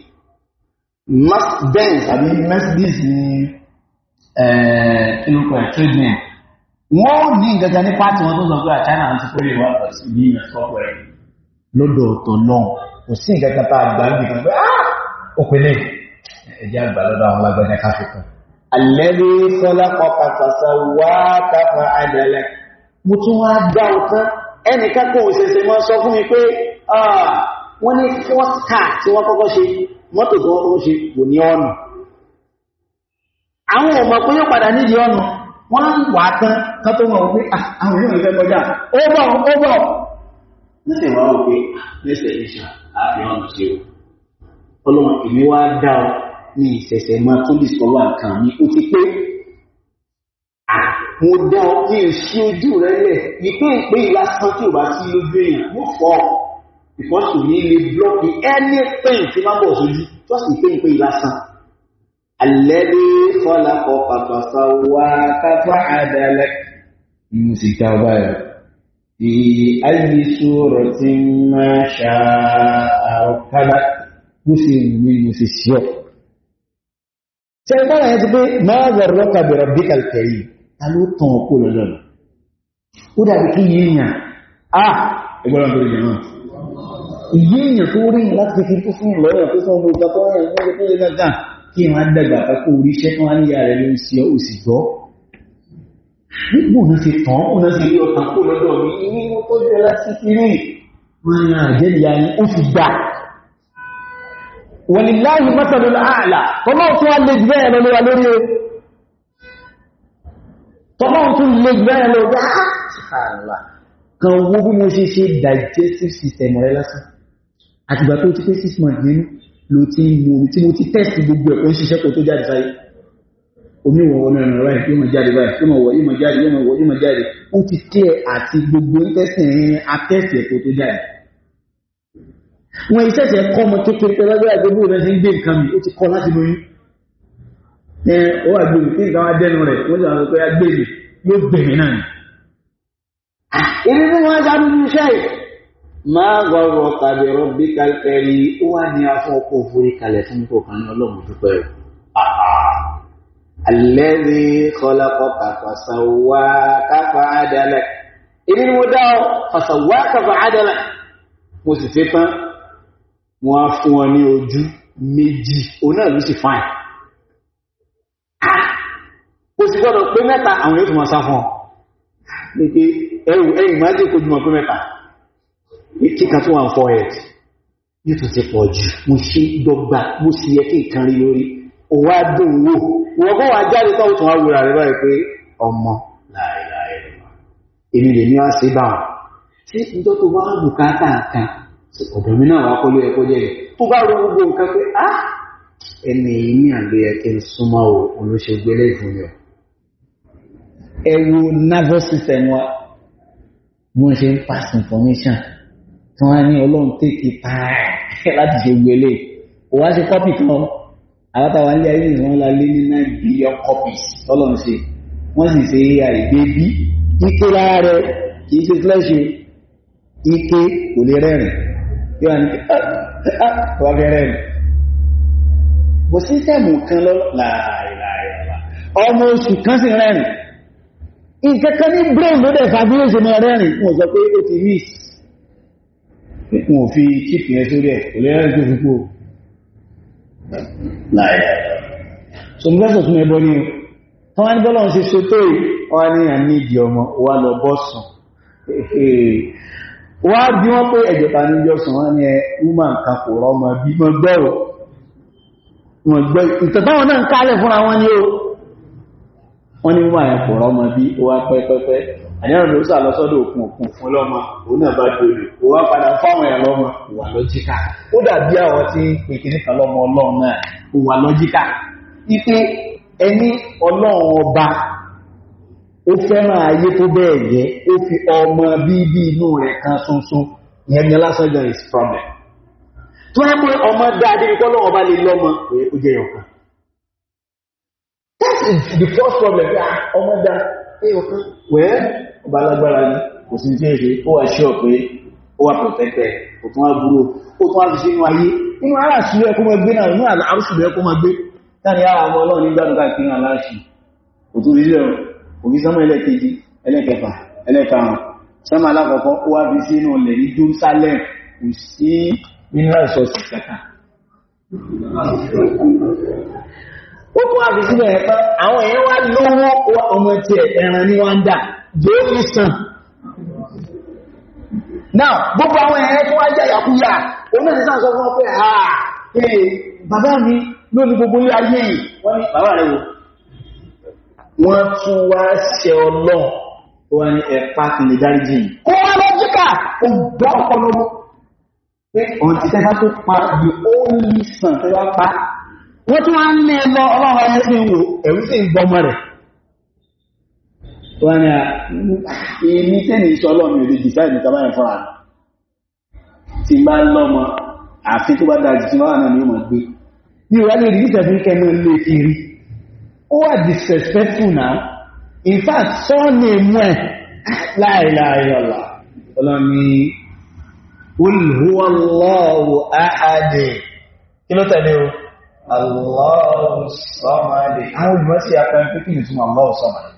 mass dance àbí mass dance ní eh, ẹ̀ẹ́dínlọ́pọ̀ trade name wọ́n ní ìgbẹ̀gbẹ̀ ní pàtí wọn tó sọ pé àchina ti kó lè wà pẹ̀sí ní ìyànsọ́pọ̀ ẹ̀ lọ́dọ̀ ọ̀tọ̀ náà kò sí ìgbẹ̀gbẹ̀ tá àgbà ń gbìyànjú pé ah, òpinlẹ̀ ẹ̀jẹ̀ àgbà lọ́dọ̀ àwọn alágbẹ̀dẹ káfíkọ̀. alẹ́lẹ́ sọlá kọkà sàṣà wá káfà àdàlẹ̀ mo tún wá gbá ọ̀tán ẹnìkan kò ṣẹ̀ṣẹ̀ máa sọ fún mi pé ah, wọ́n ní fọ́ọ̀tà tí wọ́n kọ́kọ́ ṣe mọ́tò tí wọ́n kọ́kọ́ ṣe kò ní ọ̀nà àwọn ò mọ̀ pé yóò padà nídìí ọ̀nà wọ́n ń wà tán kan tó wọ́n wípé àwọn èèyàn ìfẹ́ kọjá ó bọ̀ ó bọ̀ nísìn wọ́n wípé nísìn ìṣà àfihàn ọ̀nà sí o ọlọ́run èmi wá dá ọ ní ìṣẹ̀ṣẹ̀ máa tún lè sọ wà kan ní ó ti pé mo dá ọ ní ìṣí ojú rẹ lẹ̀ ní pé ìpé ìlàsán tí ò bá sí lójú èèyàn mo fọ ìfọ́sùn ní ilé blọọkì anything tí máa bọ̀ sójú tó sì pé ìpé ìlàsán Àlẹ́bí fọ́lá kọ pàpàsà wá káfà àdàlẹ̀. Inú sì ká báyọ̀. Fi ayé sọ̀rọ̀ tí máa ṣá àrọ̀kálá. Mo sì rí mo sì sí ọ̀. Ṣé ẹgbẹ́ rẹ̀ ti pé máa wọ̀rọ̀ lọ́kà bẹ̀rọ̀ bí kàlùkẹ́ yìí? Ta ló tàn kó lọ́dọ̀ lọ? Ó dàbí kí yíyan. À ẹgbẹ́ rẹ̀ tó yẹ náà. Ìyíyan tó rí láti fi tó fún ìlọ́rọ̀ tó sọ kí wọ́n dẹ̀gbà pẹ́kọ́ oríṣẹ́ tó wá ní ìyá rẹ̀ ló ń sí ọ òsì gbọ́ nígbò náà ti tàn ó náà ti rí ọkàn kó lọ́dọ̀ mi ní mo tó jẹ́ láti ti rí wọ́n ní àjẹ́ ìyá ni ó fi gbà wọ́n ni láàrín mọ́sàdún ààlà tọ́lọ́ tó wá lè jùlọ ẹ̀rọ lóra lórí o tọ́lọ́ tó lè jùlọ ẹ̀rọ lóra ààlà kan wo bí mo ṣe ṣe digestive system rẹ lásán àtìgbà tó ti pé six months nínú ló ti ń mu tí mo ti tẹ́sì gbogbo ẹ̀kọ́ ń ṣiṣẹ́ kó tó jáde sáyé omi ìwọ̀n wọn náà ráì yóò máa jáde báyìí yóò máa wọ̀ yóò máa jáde yóò máa wọ̀ yóò máa jáde ó ti tẹ́ àti gbogbo tẹ́sì atẹ́sì ẹ̀kọ́ tó jáde wọn ìṣẹ̀ṣẹ̀ kọ́ ọmọ kékeré pẹ̀lú ọjọ́ àgbébò rẹ̀ ti ń gbé nǹkan mi ó ti kọ́ láti lóyún ẹ ó wà gbèrè kí nǹkan wá dẹnu rẹ̀ ó lọ pé agbèrè yóò gbèrè náà ni. èmi ni wọ́n iṣẹ́ yìí máa gbọ́rọ̀ tàbí ẹ̀rọ bí kẹrí ó wà ní afọ́ ọkọ̀ òfúrí kalẹ̀ fún kọ̀ọ̀kan ní ọlọ́run dúpẹ́ rẹ̀. alẹ́rí kọlọ́kọ́ kàfàṣàwá káfà ádálẹ̀ èmi ni mo dá ọ fàṣàwá káfà ádálẹ̀ mo sì ṣe tán wọn á fún ọ ní ojú méjì òun náà ló sì fáìn kò sì gbọ́dọ̀ pé mẹ́ta àwọn yóò tún máa sá fún ọ ẹ̀yìn máa jẹ́ kojú mọ́ pé mẹ́ta kíkà tó wà ń fọ ẹ̀ yóò tún ti pọ̀ jù mo ṣe dọ́gba mo sì yẹ kí nǹkan rí lórí òwá dùn wò wọ́n kó wà jáde tó tún awúra rẹ̀ báyìí pé ọmọ láìláì èmi lè ní wá sí bá wọn ṣé ìjọ tó bá bùkátà kan ọ̀dọ̀ mi náà wá kọ́ ló yẹ kó jẹ́ tó bá ro gbogbo nǹkan pé ah ẹni èyí ní àgbẹ̀ ẹ̀kẹ́ súnmọ́ o olóṣègbélé fún mi ẹ̀rù nervous system wa bí wọ́n ṣe ń pass information tí wọ́n ní ọlọ́run tètè tààrà ah, [LAUGHS] láti ṣe gbélé òwá ṣe kọ́pì kan àwátàwà ilé ayé ìwọ̀n la lé ní nine billion copies ọlọ́run ṣe wọ́n sì ṣe ai bébí ike lára rẹ kì í ṣe fúlẹ́ṣì ike kò lè rẹ́rìn yóò ní ah, ah, wọ́n fẹ́ rẹ́rìn bó sísẹ́mù kan lọ láàrínláàrínlá ọmọ oṣù kan sì rẹ́rìn nǹkan kan ní brain ló dẹ̀ fàbíyèsè mọ́ rẹ́rìn wọ́n sọ pé ó ti miss wọn ò fi chip yẹn sórí ẹ̀ kò lẹ́yìn tó fi kú láyé so mo fẹ́ sọ̀tún ẹbọ ní wọ́n wá ní bọ́lọ̀ ṣe so tó wá ní àní ìdí ọmọ wà lọ bọ́ sùn wá bí wọ́n pé ẹ̀jọ̀ta ní ìjọsùn wọ́n ní ẹ bí ó wá pẹ́pẹ́pẹ́ àyàn ló sà lọ sọ́dọ̀ òkun òkun fún lọ́mọ òun náà bá dòlù ó wá padà fáwọn ẹ̀ lọ́mọ ìwà lọ́jíkà ó dàbí àwọn tí ń pè kìíní kan lọ́mọ ọlọ́run náà ìwà lọ́jíkà ipe ẹni ọlọ́run ọba ó fẹ́ràn ayé tó bẹ́ẹ̀ yẹ ó fi ọmọ bíbí inú rẹ̀ kan tuntun ìyẹn ni lásánjọ is problem tó ẹ pé ọmọ dáadéé kọ́ lọ́wọ́ bá lè lọ́mọ pé ó jẹ́ ọ̀kan that is the first problem ah, ọmọ dáadéé ọ̀kan wẹ́ẹ́ ọba alágbára ní kò sí tí ń ṣe ó wà ṣíọ̀ pé ó wà pọ̀tẹ́tẹ̀ kò tún wá burú ó tún wá fi sínú ayé inú ara àṣírí ẹkọ́ máa gbé náà inú àrùsùlẹ̀ ẹkọ́ máa gbé táni ara ọmọ ọlọ́run ní gbádùn káàkiri aláṣì kò tún rílẹ̀ kò fi sánmà ẹlẹ́kejì ẹlẹ́kẹfà ẹlẹ́karùn sánmà alákọ̀ọ́kọ́ ó wá fi sínú ilẹ̀ ní Jerusalem kò sí nínú sílẹ̀ ẹ̀pẹ́ àwọn èèyàn wá lówó ọmọ tiẹ̀ ẹran ní wọ́n ń dà jẹ́ ìsàn Now, gbogbo àwọn ẹ̀rẹ́ tó wá jẹ́ ìyàkúyà oníṣẹ́sàn sọ fún ọpẹ́ àà èè bàbá mi ló ní gbogbo ilé ayé yìí wọ́n ní bàbá rẹ̀ wọ́n tún wá ṣe ọlọ́run wọ́n ní ẹ̀pá ilẹ̀ dáríjì yìí kó wá lọ́jíkà ògbọ́ ọpọlọmọ pé ọ̀n ti the only son tó wá pa wọ́n tún wá ń lé lọ ọlọ́run ayé sí ìwò wọ́n ni èmi tẹ́ni sọ́lọ́ mi lè dìfẹ́ ìlú tàbí ẹ̀fọ́ra tí bá lọ́mọ àfi tó bá dájú tí wọ́n náà ni ó mọ̀ gbé ní ìwà lè rí ìtẹ̀fí kẹ́nu lè kiri ó wà disrespectful náà in fact sọ́ọ̀nì mú ẹ̀ láìláìlọ́lá ọlọ́ni olùhùwọ́lọ́wọ́ àádé kí ló tẹ̀lé o Allahu sọ́mọdé àwọn olùmọ́sí apẹ́ pípìn ìtumọ̀ Allahu sọ́mọdé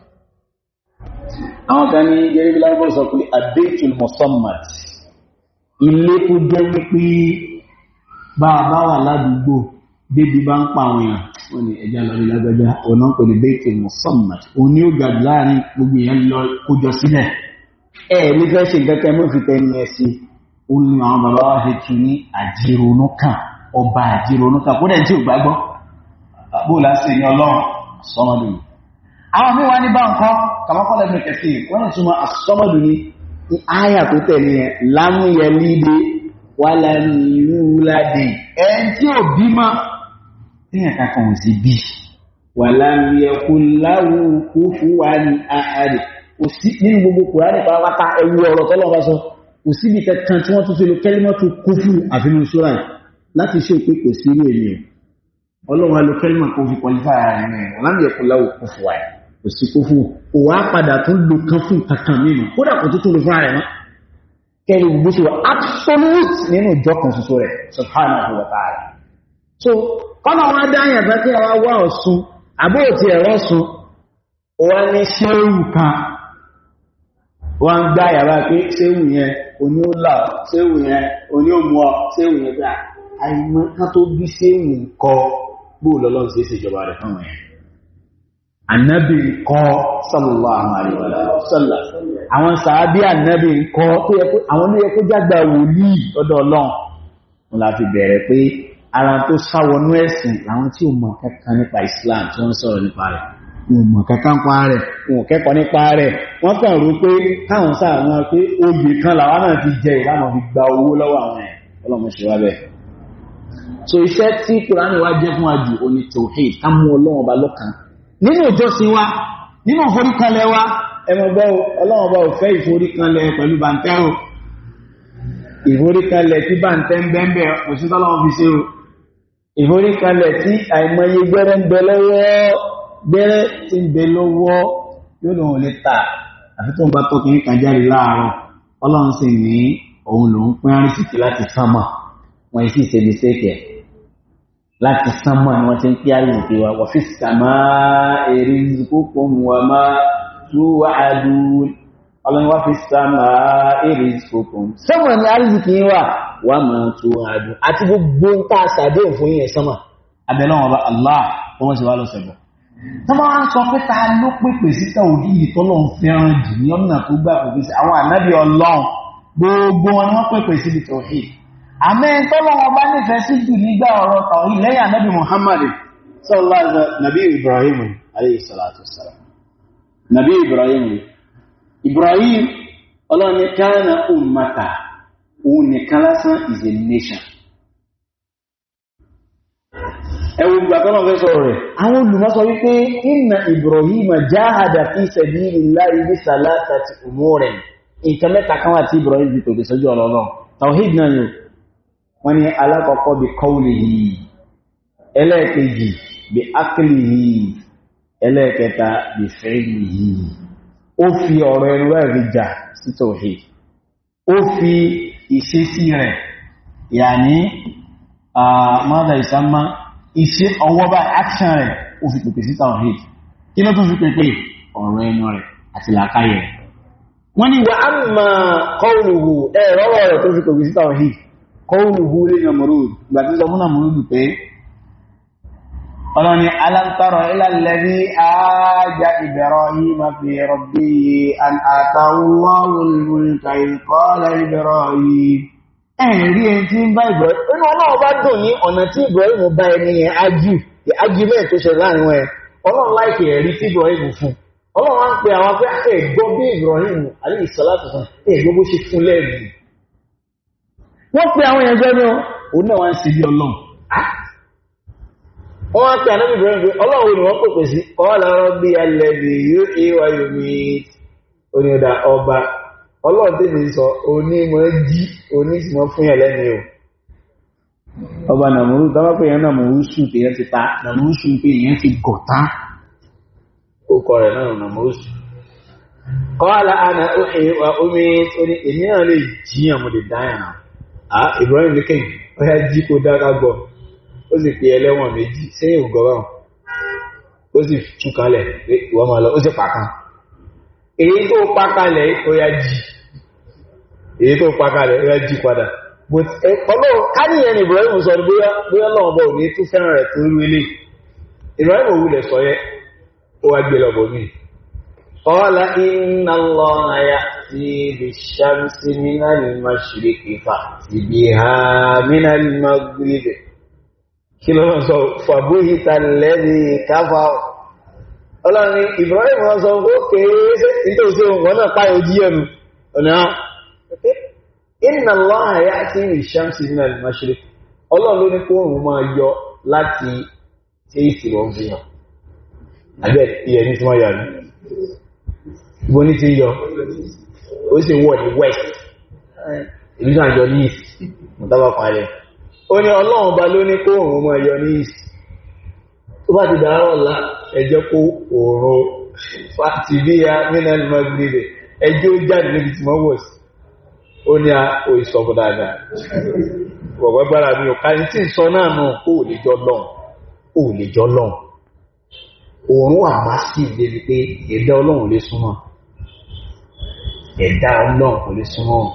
àwọn kan ní gẹ́gẹ́ bí lárúbọ̀ sọ pé àdéhùn mọ̀sánmàt ilé tó jẹ́ wípé bá a bá wà ládùúgbò débi bá ń pa àwọn èèyàn wọ́n ní ẹja lọ rí lágbájá ọ̀nà ń pè ní déhùn mọ̀sánmàt òun ni ó ga jù láàrin gbogbo èèyàn lọ kójọ sílẹ̀ ẹ ní fẹ́ ṣe nǹkan kan mọ́ fi tẹ́ ní ẹsẹ̀ òun ni àwọn bàbá wa ṣe ti ní àjìrònú kan ọba àjìrònú kan kó dẹ̀ tí ò gbàgbọ́ àbúrò lásìkò ọlọ́run sọmọdé yìí àwọn mú wa ní bá nǹkan kàmọ́kọ́lẹ̀ ní kẹsì wọ́n tún mọ́ àsọ́mọ́dù ní àyà tó tẹ̀lé ẹ̀ lámúyẹ líle wà lámìlúládé ẹ̀ tí ò bí mọ́ tíyàn kankan ò sí bí wà lámúyẹ kú láwù kú fún wa ní àárẹ̀ kò sí nínú gbogbo kùránì pàápàá ẹwu ọ̀rọ̀ tọ́lọ́ bá sọ kò síbi kankan tí wọ́n tún fi lo kẹ́límọ́tò kú fún àfihàn láti ṣe pé kò sí ilé ènìyàn ọlọ́run alukẹ́límọ̀ kò fi kọlífà ara rẹ̀ ọ̀làmìyẹ kú láwù kú fún wa kò sí kó fún ò wá padà tún lò kan fún kankan nínú kódà kò tútù lò fún ààrẹ mọ́ kẹrì gbogbo ṣe wà absolute nínú ìjọ kan ṣoṣo rẹ̀ subhanahu wa ta'ala so kọ́nà wọn dáyàn bá tí a wá wá ọ̀sun àbóòtí ẹ̀rọ sun wà ní ṣéwù kan wọ́n ń gbá yàrá pé ṣéwù yẹn oní ó là ṣéwù yẹn oní ó mú ọ ṣéwù yẹn ìṣèjọba rẹ̀ fún wọn ànábì ń kọ́ sallallahu alaihi wa sallam àwọn sàábí ànábì ń kọ́ àwọn ní ẹkọ́ jágbà wòlíì lọ́dọ̀ ọlọ́run wọn la fi bẹ̀rẹ̀ pé ara tó sáwọnú ẹ̀sìn làwọn tí ò mọ̀ kankan nípa Islam tí wọ́n sọ̀rọ̀ nípa rẹ̀ wọn ò mọ̀ kankan pa rẹ̀ wọn ò kẹ́kọ̀ọ́ nípa rẹ̀ wọ́n kàn rú pé káwọn sáàwọn pé oyè kan làwọn náà ti jẹ ìlànà fi gba owó lọ́wọ́ àwọn ẹ̀ ọlọ́mọ ṣe wá nínú ìjọsìn wa nínú ìforíkanlẹ̀ wa ẹmọ̀gbọ́ ọlọ́ọ̀bọ̀ òfẹ́ ìforíkanlẹ̀ pẹ̀lú bàntẹ́rò ìforíkanlẹ̀ tí bàntẹ́ ń bẹ́ẹ̀bẹ̀ òṣìṣọ́lọ́wọ́ fi ṣe o ìforíkanlẹ̀ tí àìmọye gbẹ́rẹ́ ń bẹ lọ́wọ́ gbẹ́rẹ́ ti ń bẹ lọ́wọ́ yóò lòun lè ta àfi láti sánmọ̀ ni wọ́n ti ń pí àrùsìkè wa wọ́n fi sàmá èrè ìzùkúkùn wọ́n máa tú àdú ọlọ́run wọ́n fi sàmá èrè ìzùkúkùn sánmọ̀ ni àrùsìkè wa wọ́n máa tú àdú àti gbogbo ń tà sàdé òfin yẹn sánmọ̀ abẹ́lọ́wọ́n ọba allah tó wọ́n sì wá lọ́sẹ̀bọ̀ tó máa ń sọ pé ta ló pèpè síta òdí yìí tọ́lọ́run fẹ́ràn jù ní ọ̀nà tó gbà pèpè sí àwọn ànábì ọlọ́run gbogbo wọn ni wọ́n pèpè síbi tòhíì àmẹ́ tọ́lọ́wọ́ bá nífẹ̀ẹ́ sí jù nígbà ọ̀rọ̀ tàwí lẹ́yìn ànábì muhammad sallallahu alaihi wasallam nàbí ibrahim alayhi salatu nàbí ibrahim ibrahim ọlọ́ni kana ummata òun nìkan lásán is a nation fẹ́ sọ rẹ̀ àwọn olùmọ́sọ wípé ibrahim wọ́n ní alákọ̀ọ́kọ́ bí kọ́wùlì yìí ẹlẹ́ẹ̀kejì bí ákìlì yìí ẹlẹ́ẹ̀kẹta bí fẹ́ẹ̀lì yìí ó fi ọ̀rọ̀ ẹnu ẹ̀rí jà sí tòhì ó fi ìṣesí rẹ̀ yà ní mọ́dà ìsámá ìṣe ọwọ́ bá action rẹ̀ ó fi pèpè sí kí ló tún fi pèpè ọ̀rọ̀ ẹnu rẹ̀ àti làákàyè wọ́n ní wà á kọ́wùlù ẹ̀rọ ọ̀rọ̀ tó fi pèpè sí kọ́wùrù hu lè yàn mọ̀rọ̀ ìgbà tí sọmúnà mọ̀rọ̀ dù pé ọlọ́ni alántàrọ̀ ilàlẹ́bí ààjà ìbẹ̀rọ̀ yìí ma fi rọ̀bí àtàwọ̀wọ̀lùmùlùkà ìkọ́lẹ̀ ìbẹ̀rọ̀ yìí ẹ̀rí ẹni tí ń bá ìbẹ̀rọ̀ inú ọlọ́run bá dùn ní ọ̀nà tí ìbẹ̀rọ̀ bá ẹni yẹn ájú argument tó ṣe láàrin wọn ọlọ́run láìpẹ̀ ẹ̀rí tí ìbẹ̀rọ̀ fún ọlọ́run wá ń pe àwọn pé ẹ̀gbọ́ bí ìbẹ̀rọ̀ yìí àlè ìsọlá tuntun ẹ̀gbọ́ bó ṣe fún lẹ́ẹ̀mí wọ́n pe àwọn èèyàn jọ ní o òun náà wọ́n ń sílé ọlọ́run wọ́n wá pe ànábì Ibrahim pé ọlọ́run ni wọ́n pèpè sí ọlọ́rọ̀ bí alẹ́bí yóò ṣe wá yomi ọba ọlọ́run tèmi sọ òní mọ̀ jí òní sì mọ̀ fún yàn lẹ́nu o ọba nàmúrú pé èèyàn nàmúrú sùn pé èèyàn ta nàmúrú sùn pé èèyàn ti rẹ̀ náà nàmúrú sùn kọ́ àlà àná omi lè lè à Ibrahim ní kẹ́yìn ó yá jí kó dára gbọ́ ó sì pe ẹlẹ́wọ̀n méjì sẹ́yìn ògọ́rọ̀ ó sì tú kalẹ̀ ìwọ́n máa lọ ó sì pàkan èyí tó pa kalẹ̀ ó yá jí èyí tó pa kalẹ̀ ó yá jí padà káníyàn ni Ibrahim sọ ní bóyá lọ́wọ́ bọ̀ ní tó fẹ́ràn rẹ̀ tó Ibrahim òwúlẹ̀ sọ yẹ ó wá gbé lọ́bọ̀ mí ọ̀la iná lọ́nà ya تأتي بالشمس من المشرق فأت بها من المغرب كلا نصو فبهت الذي كفر ọlọ́run ni Ibrahim wọ́n sọ ó kéé sí nítòsí wọn náà páyò díẹ̀mù ọ̀nà inna Allaha ya'ti bish-shamsi min al-mashriq ọlọ́run ló ní kó òun máa yọ láti tí ìsìnwọ̀n fi hàn àbẹ́ ìyẹ̀ ní tí wọ́n yà ní gbóní ti yọ ó sì wọ̀ ní west ìlú náà yọ ní east mọ̀tàbàkan rẹ̀ ó ní ọlọ́run ba ló ní kó òun mọ̀ yọ ní east tó bá ti dàárọ̀ ọ̀la ẹjẹ́ kó òòrùn fàtí bí ya nínú ẹni máa gbé rẹ̀ ẹjẹ́ ó jáde níbi tí wọ́n wọ̀ sí ó ní o ìsọ̀kù dáadáa bọ̀bọ̀ gbára mi ò káyí tí ìsọ náà nù ó lè jọ lọ́n ó lè jọ lọ́n òòrùn wà má sí ìdébi pé ẹ̀dá ọlọ́run lè súnmọ́ ẹ̀dá ọlọ́run kò lè súnmọ́ òun.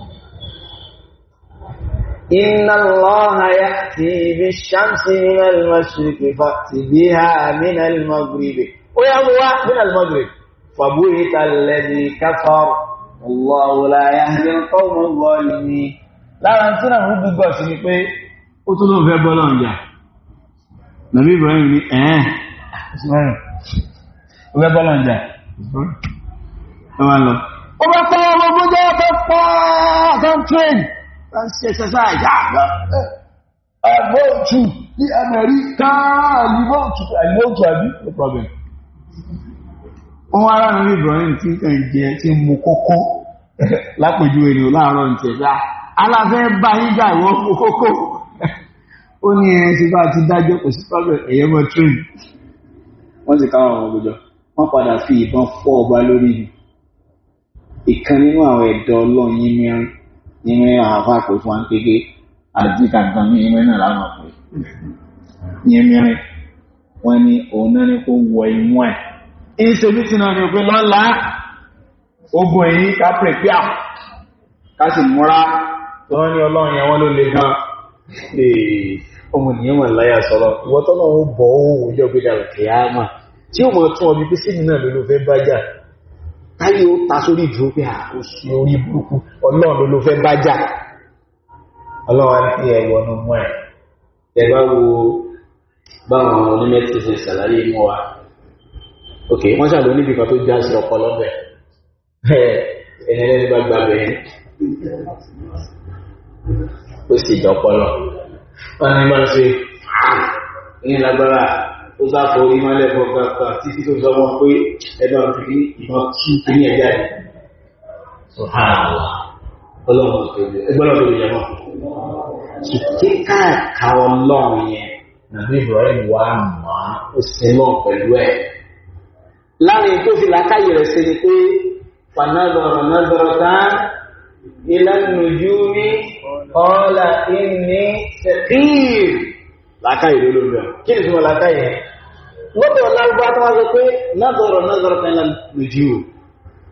إن الله يأتي بالشمس من المشرق فأت بها من المغرب ويهو من المغرب فبهت الذي كفر والله لا يهدي القوم الظالمين lára tí náà ń gbogbo ọ̀sí ni pé ó tó ló fẹ́ bọ́lọ̀ ìyà nàbí Ibrahim ní ẹ̀ẹ́n ah, ó fẹ́ bọ́lọ̀ ìyà ó wá lọ ó bá pọ́ gbogbo jẹ́ ọ̀fẹ́ pọ́ ọ̀sán aláfẹ́ bá yíjà ìwọ́n mú kókó ó ní ẹ̀ sí bá ti dájọ́ kò sí problem ẹ̀yẹ́mọ̀ train wọ́n ti káwọn ọmọ gbọdọ̀ wọ́n padà fi ìbọn fọ́ ọba lórí ni ìkan nínú àwọn ẹ̀dọ́ ọlọ́run yín mìíràn yín mìíràn àwọn afáàpè fún wa ń pé pé àti kankan ní yín mìíràn láwọn àpè yín mìíràn wọn ni òun náà ni kó wọ imú ẹ̀ ìṣe bí tí náà ni pé lọ́la ogun èyí ká pè pé à ká sì múra lọ́wọ́ ní ọlọ́run yẹn wọ́n ló le gan ọmọ ènìyàn wà láyà sọ̀rọ̀ ìwọ́tọ́lọ́run bọ̀ ó wòjọ́ gbé dàrú kìí mà tí ó mọ̀ tún pé sí náà ló ló fẹ́ bá jà táyé ó ta sórí ìdúró pé àkóṣí orí burúkú ọlọ́run ló fẹ́ bá jà ọlọ́run ní ẹ̀wọ̀n ní mú ẹ̀ tẹ́gbà wo báwọn onímẹ́tì ṣe ṣàlàyé mọ́ wa ok wọ́n ṣàlọ́ níbi kan tó já sí ọpọlọ bẹ̀ ẹ̀ẹ́dẹ́gbẹ́ bá gbà bẹ̀ ó sì jọ ọpọlọ wọ́n ní máa ń ṣe ní lágbára ó sá forí mọ́lẹ̀ fún kàkà títí tó sọ wọn pé ẹgbẹ́ wọn fi ìbọn tú ní ẹ̀já rẹ̀ ọlọ́run ẹgbẹ́ ọ̀dọ́ ìyàwó kìkì káàkà ọlọ́run yẹn nàbí Ibrahim wà mọ́ ó sin náà pẹ̀lú ẹ̀ láàrin tó fi làákàyè ni pé fanadọ̀rọ̀ nadọ̀rọ̀ ní ọ̀la ìní sẹ̀kíìrì láká ìlú ló bẹ̀rẹ̀ kí ni ìtumọ̀ láká yẹn lọ́dọ̀ lárúbá tó wá sọ pé nọ́dọ̀rọ̀ nọ́dọ̀rọ̀ kan lójú o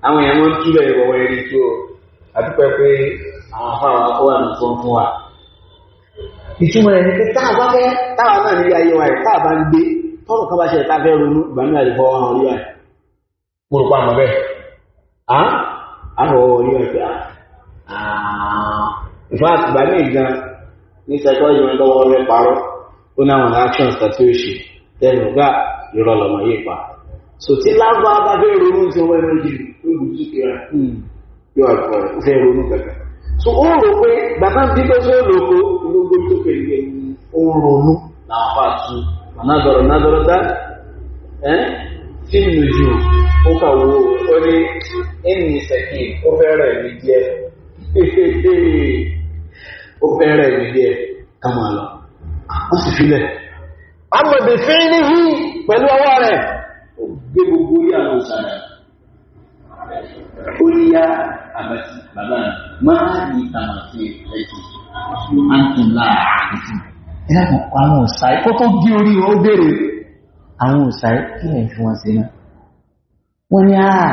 àwọn èèyàn wọn kí bẹ̀rẹ̀ wọ̀wọ̀ ẹ̀rí tó àdúpẹ́ pé àwọn afárá wọn kó wà ní fún fún wa. ìtumọ̀ rẹ̀ ni pé tá a bá fẹ́ táwa náà nílé ayé wa rẹ̀ tá a bá ń gbé tọ́lù kan bá ṣẹlẹ̀ tá a fẹ́ ronú ìgbàmí àdìfọ́ ọ̀hún orí wa. mo rò pa àmọ́ bẹ́ẹ̀ á àfọwọ́ orí wa pé à ìfọ́ àtìgbà ní ìgbà ní sẹ́kọ́ ìjọba tó wọ́n fẹ́ ó ní àwọn actions àti òṣì tẹnu gbà irọ́ lọ́mọ yìí pa so tí lágbá bá fẹ́ ronú tí wọ́n ẹnu jù lóògùn tó kí ra yóò àpọ̀ fẹ́ ronú kankan so ó rò pé bàbá ń bíbẹ́ sí olóko olóko tó pèlè ó ronú làwọn bá tu nàdọ̀rọ̀ nàdọ̀rọ̀ dá ẹ́ tí ń lò jù ó kà wo ó ní ẹni ìsẹ̀kì ó fẹ́rẹ̀ mi díẹ̀ [LAUGHS] ó fẹ́rẹ̀ mi díẹ̀ kà máa ó sì fílẹ̀ amọ̀dé fi ní hí pẹ̀lú ọwọ́ rẹ̀ ó gbé gbogbo orí àwọn òṣàrẹ̀ ó yá àbẹ̀sì bàbá máa ní àmàtí ẹ̀kì àtìlá àti ẹ̀kùn àwọn òṣàrẹ̀ kó tó gí orí ó bèèrè àwọn òṣàrẹ̀ kí ẹ̀ fi wọ́n sí náà wọ́n ní àà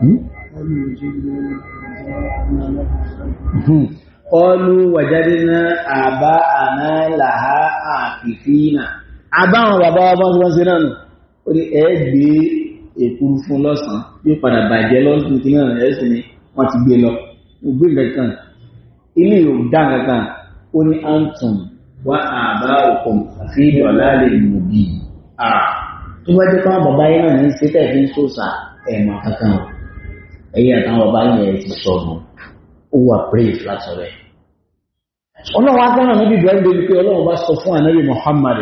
Hmm. hmm kọlu wàjádínà àbá àná làá àfìfínà àbá àwọn bàbá wa bọ́n wọ́n sí náà nù ó ní ẹ gbé èkúrú fún lọ́sàn yóò padà bàjẹ́ lọ́sùn kí náà ẹ sì ni wọ́n ti gbé lọ gbé kankan ilé yóò dá kankan ó ní antum wá àbá òkùn àfi ìdọ̀lá lè mú bí a tó bá jẹ́ káwọn bàbá yẹn náà ní sẹ́tẹ̀ fi ń sòsà ẹ̀mọ̀ kankan ẹ̀yìn àtàwọn bàbá yẹn ti sọ̀rọ̀ ó wà brave láti rẹ̀ ọlọ́run agbára níbi ìjọ ẹgbẹ́ wípé ọlọ́run bá sọ fún ànábì Muhammad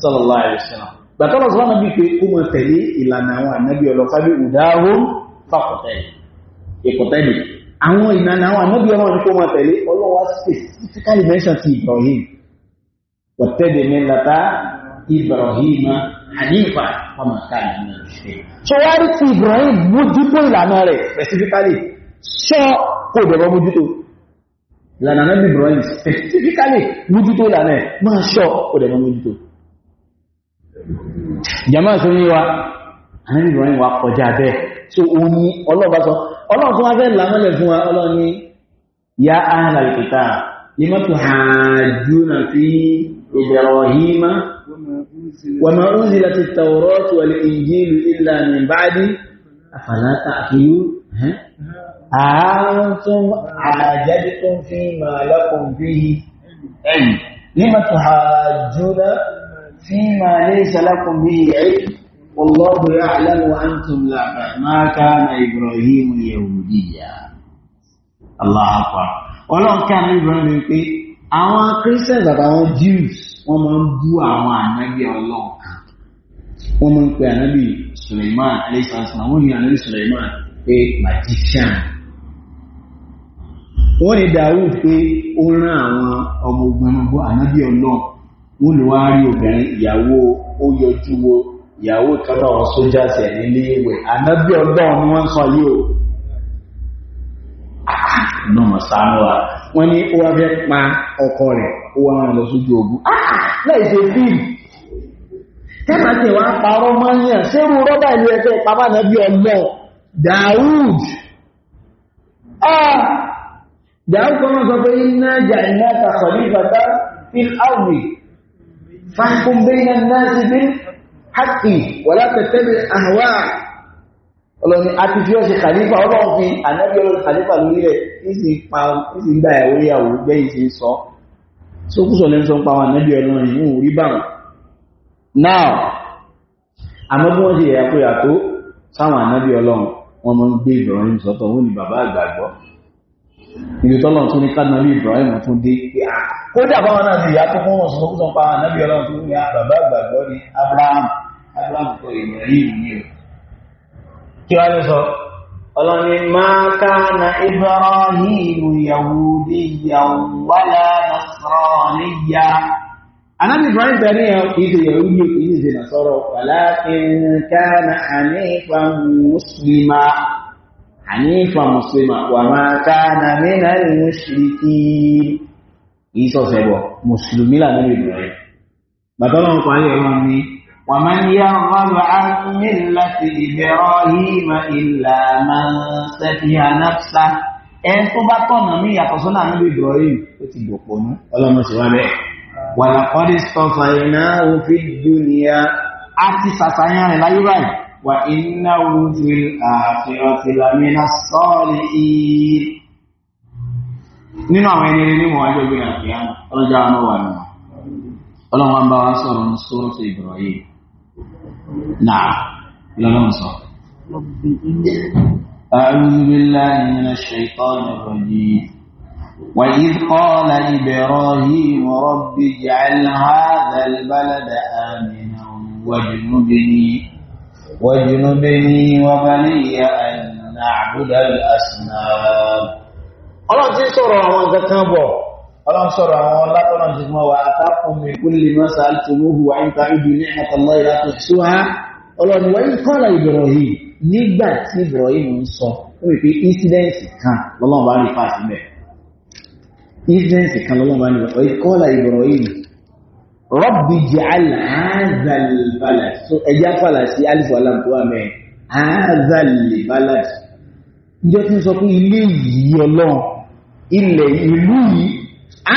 sallallahu alaihi wasallam gbàtọ́lọ̀ sọ náà wípé ó mọ̀ tẹ̀lé ìlànà àwọn ànábì ọlọ́fàbí ìdáhó fàkọ̀tẹ́lì ìkọ̀tẹ́lì àwọn ìlànà àwọn ànábì ọlọ́run kó mọ̀ tẹ̀lé ọlọ́run wá specifically mention ti Ibrahim wọ̀tẹ́dẹ̀ mẹ́lata Ibrahim hanifa ọmọkàlì náà ṣe so wá ti Ibrahim mójútó ìlànà rẹ̀ specifically sọ kó ìbẹ̀rọ mójútó lànà náà Ibrahim specifically mójútó lànà ẹ̀ máa ṣọ́ kó ìbẹ̀rọ mójútó jama sọ ní wa àwọn Ibrahim wa kọjá bẹ́ẹ̀ so o ní ọlọ́ọ̀bá sọ ọlọ́ọ̀ tó wá fẹ́ làmọ́lẹ̀ fún wa ọlọ́ọ̀ ní ya ahlal kitab التوراة والإنجيل إلا من بعد أفلا تعقلون أعنتم عاجلتم فيما لكم به علم لم تحاجون فيما ليس لكم به علم والله يعلم وأنتم لا ما كان إبراهيم يهوديا الله أكبر ọlọ́run ká ní ìbọn àwọn christians jews máa ń bú àwọn ànábì máa ń pe ànábì suleiman ní ànábì suleiman pé magician wọ́n ni Dawud pé ó rán àwọn ọmọ ogun ọmọ ànábì ọlọ́run wọ́n rí obìnrin ìyàwó ó yọjú wo ìyàwó ìkọ́lọ̀ àwọn sójà nílé ìwẹ̀ ànábì ọlọ́run ni wọ́n ń sọ yìí o ah! náà wa wọ́n ní ó wá fẹ́ pa ọkọ rẹ̀ ó wá rán lọ sójú ogun ah! láì ṣe fíìmù tẹ́lá parọ́ sẹ́rù rọ́bà pàmò ànábì Jàú kọ́ máa sọ pé iná jà iná tàkọ̀ ní bàtà fi áwì, fáfún bẹ́yìn náà sí bí hákì wà látẹ̀tẹ̀lẹ̀ àwà. Ọlọ́ni a ti fi ọ́ṣe kàlífà ọlọ́run fi ànábí ọlọ́run kàlífà lórílẹ̀ ìsìn gbà ẹ̀wọ́ ìyàwó gbẹ́yìn sí sọ. Sókúsọ̀ lẹ́ sọ pa àwọn ànábí ọlọ́run ìhun orí bàrùn. Now, àmọ́ bí wọ́n ṣe yẹ̀ àkóyà tó sáwọn ànábí ọlọ́run, wọ́n mọ́ ń gbé ìbọ̀rún sọ́tọ̀ wọ́n ni bàbá àgbàgbọ́ ibi tọ́lọ̀ tún ní kánàlì Ibrahim tún dé ah, kódà báwọn náà ti yà tó fún wọn sọ́kúsọ pa ànábì ọlọ́run tó ní ah, bàbá àgbàgbọ́ ní Abraham Abraham tó ènìyàn yìí ní kí wá ló sọ ọlọ́run ni máa kánà Ibrahim yahudiyyan wala nasraniyya ànábì Ibrahim tẹ̀lé yẹn ìdè yẹ̀wò yìí kì í ṣe nà sọ̀rọ̀ wàlá kí n mùsùlùmá hanifa muslima wa ma kana minal mushrikin iso sebo muslimi la ni ibrahim badala kwa hiyo imam ni wa man yaghalu an millati ibrahim illa man safiha nafsa en tó bá tọ̀nà mi yàtọ̀ sọ́nà ni ibrahim ó ti doponu Ọlọ́run sì wá be wa laqad istafaynahu fid dunya àti sasanya rẹ̀ láyé báyìí وإنه في الآخرة لمن الصالحين nínú àwọn ẹni rere níwọ̀n ajọ́ ìgbé àkíyàmù ọlọ́jà anúwà nù ọlọ́run wọn bá wá sọ̀rọ̀ ní sọ́ọ̀tù Ibrahim náà lọ́lọ́run sọ أعوذ بالله من الشيطان الرجيم وإذ قال إبراهيم رب واجنبني وبني أن نعبد الأصنام ọlọ́run ti sọ̀rọ̀ àwọn nǹkan kan bọ̀ ọlọ́run sọ̀rọ̀ àwọn látọ̀run ti mọ̀ wà àtàkùn mi kú lè mọ́ sàáltùmúhù wà ń ta ìdù ní àtàlọ́ ìlàtọ̀ sí wá ọlọ́run wọ́n ń kọ́lá Ibrahim nígbà tí Ibrahim ń sọ ó rí pé incidence kan lọ́lọ́run bá rí pàṣẹ bẹ́ẹ̀ incidence kan lọ́lọ́run bá rí pàṣẹ bẹ́ẹ̀ rọ́bì jẹ́ àzàlìbàlàsì ẹ̀yà fàlàsì alifu alamtuwamẹ́ àzàlìbàlàsì ìjọ tí ń sọ fún ilé yìí ọlọ́run ilẹ̀ ìlú yìí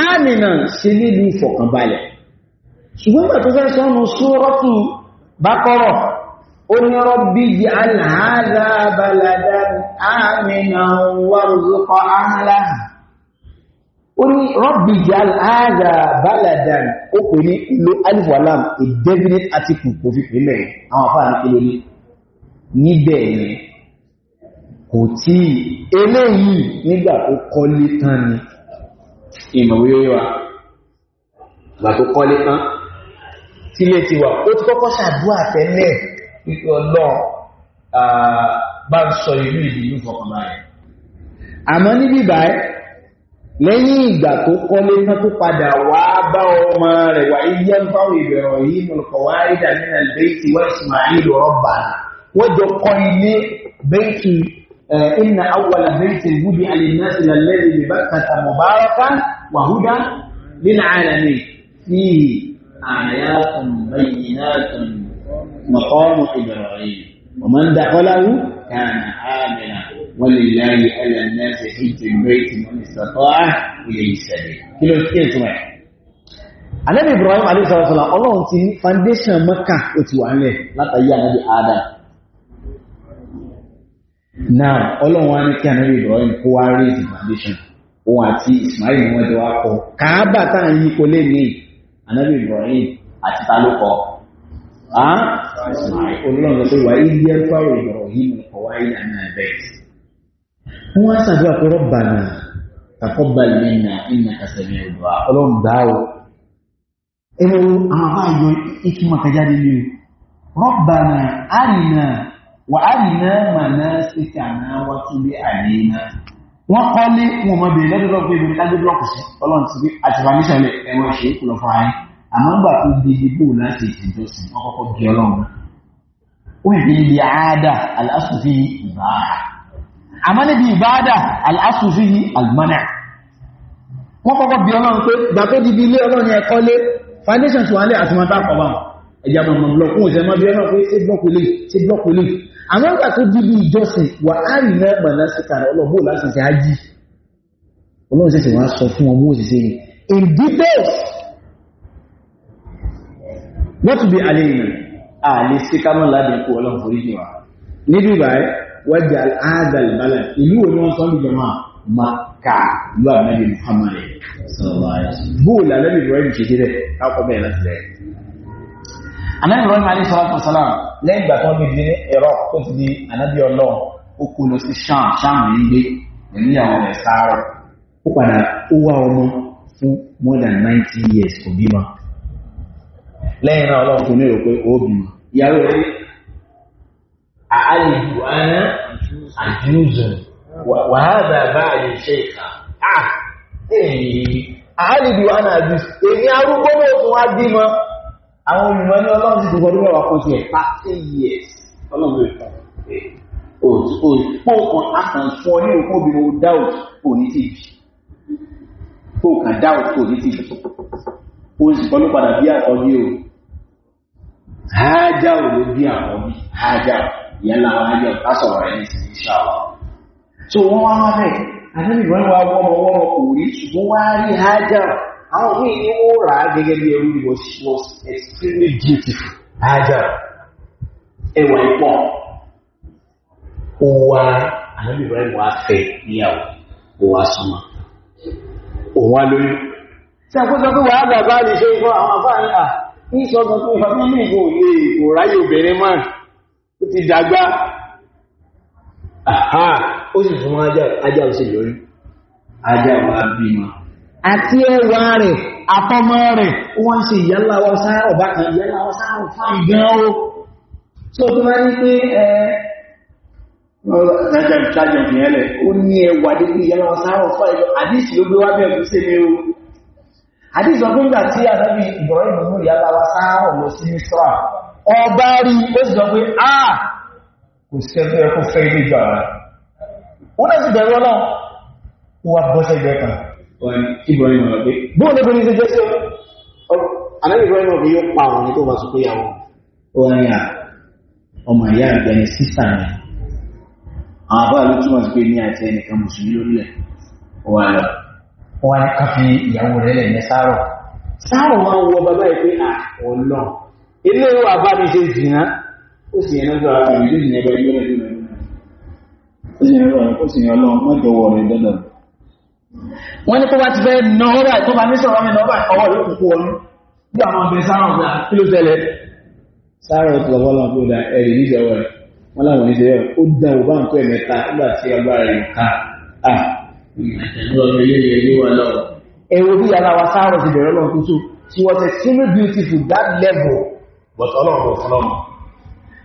àmìnà sí nílùú ìfọ̀kànbalẹ̀ ṣùgbọ́n bàtọ́ fẹ́ sọ́nu sórọ́tù bákọ́rọ̀ ó ní rọ́bì jẹ́ àzàlìbàlàsì àmìnà wàrùzùkọ́ àhàlàsì ó ní rọ́bì jàl ààrà baladan ó pè ní ìlú alif wa lam a definite article kò fi pè mẹ́rin àwọn afá ní kílò ní níbẹ̀ ni kò tí eléyìí nígbà tó kọ́lé tán ni ìmọ̀wé yóò wà tó kọ́lé tán tí lè ti wà ó ti kọ́kọ́ ṣàdúrà tẹ́lẹ̀ pípẹ́ ọlọ́run bá ń sọ ìlú ìdílú kọ̀ọ̀kan báyìí àmọ́ níbí báyìí lẹ́yìn ìgbà tó kọ́lé tán tó padà wá bá ọmọ rẹ̀ wà iye ń fáwọn ìbẹ̀rọ̀ yìí mọ̀lùkọ̀ wá ìdá nínú ìbẹ́ẹ̀tì wá ìsìmáìlì rọ́bà wọ́n jọ kọ́ ilé bẹ́ẹ̀tì inna awwala bẹ́ẹ̀tì wúdi alìnàṣì lẹ́lẹ́rì lè kàtà mọ̀báraka wàhúdá nínú àlàmì sí àyàtùn bayyinatun maqamu ibrahim wa ولله على الناس حج البيت من استطاع اليه سبيل na ló kí ètò ẹ̀ Ànábì Ibrahim na ọlọ́run ti foundation Mẹ́kà ó ti foundation òun àti Ismail wọ́n jọ wá kọ Káàbà táà yí kó lè ní Ànábì Ibrahim àti ta ló kọ Ismail olóòrùn ilé wọ́n á sàdúrà pé rọ́bà náà taqabbal minna innaka sami'ud du'a ọlọ́run gbà ó ẹ̀rọ àwọn bá yọ ìtumọ̀ kẹjáde ní rọ́bà náà àrìnà wà àrìnà màná síkàná wá túnbí àrìnà wọ́n kọ́lé wọn mọ̀ bèèrè lẹ́dọ̀dọ̀ pé ibi kájú blọ́ọ̀kù sí ọlọ́run ti bí àtìwáníṣẹ̀lẹ̀ ẹ̀wọ̀n ṣe é kùlọ̀ fún àmọ́ gbà tó di ibò láti ìsìnjọsìn ọkọ̀ọ̀kọ̀ bí ọlọ́run ó ìbí ibi àádà aláṣùfin ìbáà àmọ́ níbi ìbáadà al'asùfí almanà wọ́n kọ́kọ́ bí ọlọ́run pé gbà tó dìbí ilé ọlọ́run ẹ̀kọ́ lé foundation tí wọ́n lé àti mọ́ta kọ̀ọ̀bá ẹ̀yà mọ̀mọ̀ lọ́kún ìṣẹ́ mọ́ bí ọlọ́run pé ṣe blọ́kùlé ṣe blọ́kùlé àwọn ìgbà tó dìbí ìjọsìn wà á rí mẹ́gbà lásìkà ọlọ́bó láti ṣe ájì ọlọ́run sì wá sọ fún ọmọ òṣìṣẹ́ rẹ̀ in forí jù níbi ìbáyìí wájà àádàlbálẹ̀ ìlú òní wọn sọ́nù jọmọ́ maka ìlú àmẹ́lì muhammadu bóòlù alẹ́lì ibrahim ṣe dé rẹ̀ káàkọ́ bẹ́ẹ̀ láti rẹ̀ anábì ibrahim alẹ́ sọ́lá fún sọ́lá lẹ́yìn ìgbà tó ń di ẹ̀rọ tó ti di anábì ọlọ́ ó kó lọ sí ṣáà ṣáà mi ń gbé pẹ̀lú ìyàwó rẹ̀ ó padà ó wá ọmọ fún more than ninety years kò bímọ lẹ́yìn náà ọlọ́run kò ní èrò pé ó bímọ ìyàwó rẹ̀ أعلم وأنا ana وهذا بعد شيخا آه أعلم وأنا عجوز èmi arúgbó mọ̀ tó àwọn olùmọ̀ ní ọlọ́run ti gbogbo ọdún mẹ́wàá kan ti thirty years ọlọ́run ló fà ó pò kan akàn fún ọ ní òkú obìnrin ó dáwọ̀ kò ní ti ó sì o hájà ò ló bí àkọ́bí hájà ò ìyẹn làwọn ajọ kásọ̀rọ̀ rẹ̀ ní sinmi ṣàwọ̀. tó wọ́n wá wá bẹ́ẹ̀ àdébì wọn wá wọ́n mọ wọ́n kò rí ṣùgbọ́n wá was extremely beautiful ájá ẹwà ìpọ̀ ó wá àdébì wọn wá fẹ́ níyàwó ó wá súnmọ́ òun wá lóyún tí a kó sọ pé wàá bàbá lè ṣe ìfọ àwọn àbáyé à ó ti dàgbà àhá ó sì fún ajá òsì lórí ajá wà bímọ àti ẹwà rẹ̀ àtọmọ rẹ̀ wọ́n sì yálà wọ́n sáà ọ̀bá kan yálà wọ́n sáà ọ̀fà ìgbọ́n ó tó tó máa ní pé ẹ ṣájẹ̀ǹtì yẹn lẹ̀ ó ní ẹwà dídí yálà wọ́n sáà ọ̀fà ìgbọ́n àdísì ló gbé wá bẹ̀rẹ̀ tó sèmi o àdísì ọdún gbà tí àdábì ìbọ̀rẹ́ ìbùnú yálà wọ́n sáà ọ̀lọ́ sí mísírà ọba rí lẹ́sìdọ̀ pé àà ah, kò sẹ́fẹ́ ẹkọ́ fẹ́ ilé ìgbà rẹ̀ ó náà sì bẹ̀rẹ̀ ọlọ́ wà bọ́sẹ̀ ìgbẹ̀ kan ọmọ ìyá ìgbẹ̀ni sísà rẹ̀ àwọn àbá ló túnmọ̀ sí pé ní àti ẹnìkan mùsùlùmí lórílẹ̀ wà lọ wọ́n ní káfí ìyàwó rẹ̀ lẹ̀ ní sáàrọ̀ sáàrọ̀ wọ́n wọ bàbá ìpé àà ah, ọlọ́run ilé ìwà bá ṣe jìnà ó sì yẹn lọ́jọ́ ara rẹ̀ lórí ẹgbẹ́ ilé ẹgbẹ́ ó sì yẹn lọ́wọ́ mọ́jọ wọ̀ rẹ̀ dandan wọ́n ní kó bá ti fẹ́ na ọ́rà tó bá ní sọ̀rọ̀ mi lọ́bà ọwọ́ yóò kúkú wọn bí àwọn ọbẹ̀ sáárọ̀ ọ̀gá kí ló tẹ̀lé sáárọ̀ tó lọ́wọ́ lọ́wọ́ tó da ẹ̀rì níjẹ́ wọ̀ rẹ̀ wọ́n láwọn oníṣẹ́ rẹ̀ ó da ò bá ń pẹ́ mẹ́ta nígbà she was extremely beautiful that level bọ̀tọ̀ ọlọ́run bọ̀ fún ọmọ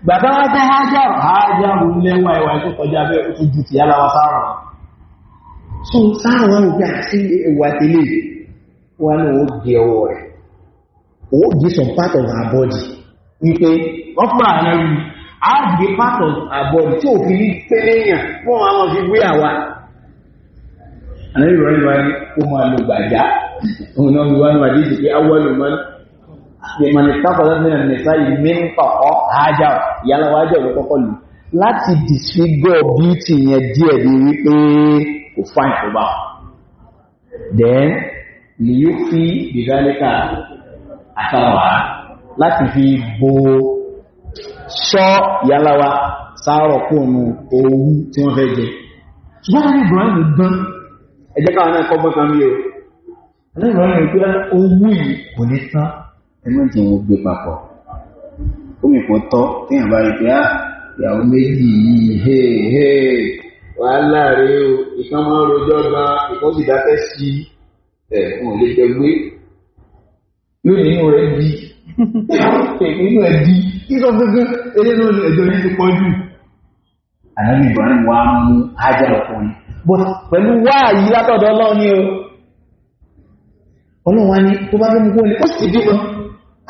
bàbá wá tẹ́ hájáàrù hájáàrù lẹ́wà ìwà ẹ̀kọ́ kọjá bẹ́ ó tún ju ti aláwa sáàrùn so sáàrùn ìgbà sí ìwà tẹ́lẹ̀ wà ní ó gé ọwọ́ rẹ̀ ó gé some part of our body wípé ọ̀pọ̀ ààrẹ rí á gbé part of our body tí ò fi ní pẹ́lẹ́yàn fún àwọn fi gbé àwa àlẹ́ ìrọ̀lẹ́ wa ó máa lo gbàjá òun náà wíwá ní ìsìnkú awọ́lùmọ́lù lèmọ̀ nìtàkọ̀lọ́ mìíràn nìta ìmìntọ̀kọ́ ajá ìyálà wájá òun lù láti disfigure beauty yẹn díẹ̀ bí wípé kò fáìn tó bá then lè yóò fi bìbálẹ́kà àtàwà láti fi bo ṣọ́ ìyálà wa sáárọ̀ kóònù owó tí wọ́n fẹ́ jẹ ṣùgbọ́n ní Ibrahim gan ẹjẹ́ káwọn náà kọ́ bọ́ kan bí o ẹlẹ́yìn Ibrahim pé owó yìí kò ní tán ẹgbẹ́ tí wọ́n gbé papọ̀ omi kò tọ́ téèyàn bá rí pé á ah, ìyàwó méjì yìí hey hey wàhálà rèé o ìkan máa ń rojọ́ gan ìkan sì dákẹ́ sí ẹ̀ wọn ò lè jẹ gbé yóò nínú rẹ̀ di nínú ẹ̀ di kíkọ́ gbogbo eléyìí náà ẹ̀jọ̀ yìí ti pọ̀ jù àyàbí Ibrahim wa mú ájá ọkùnrin pẹ̀lú wáàyí látọ̀dọ̀ ọlọ́run o ọlọ́run wa ni tó bá fẹ́ mú kó lè ó sì dé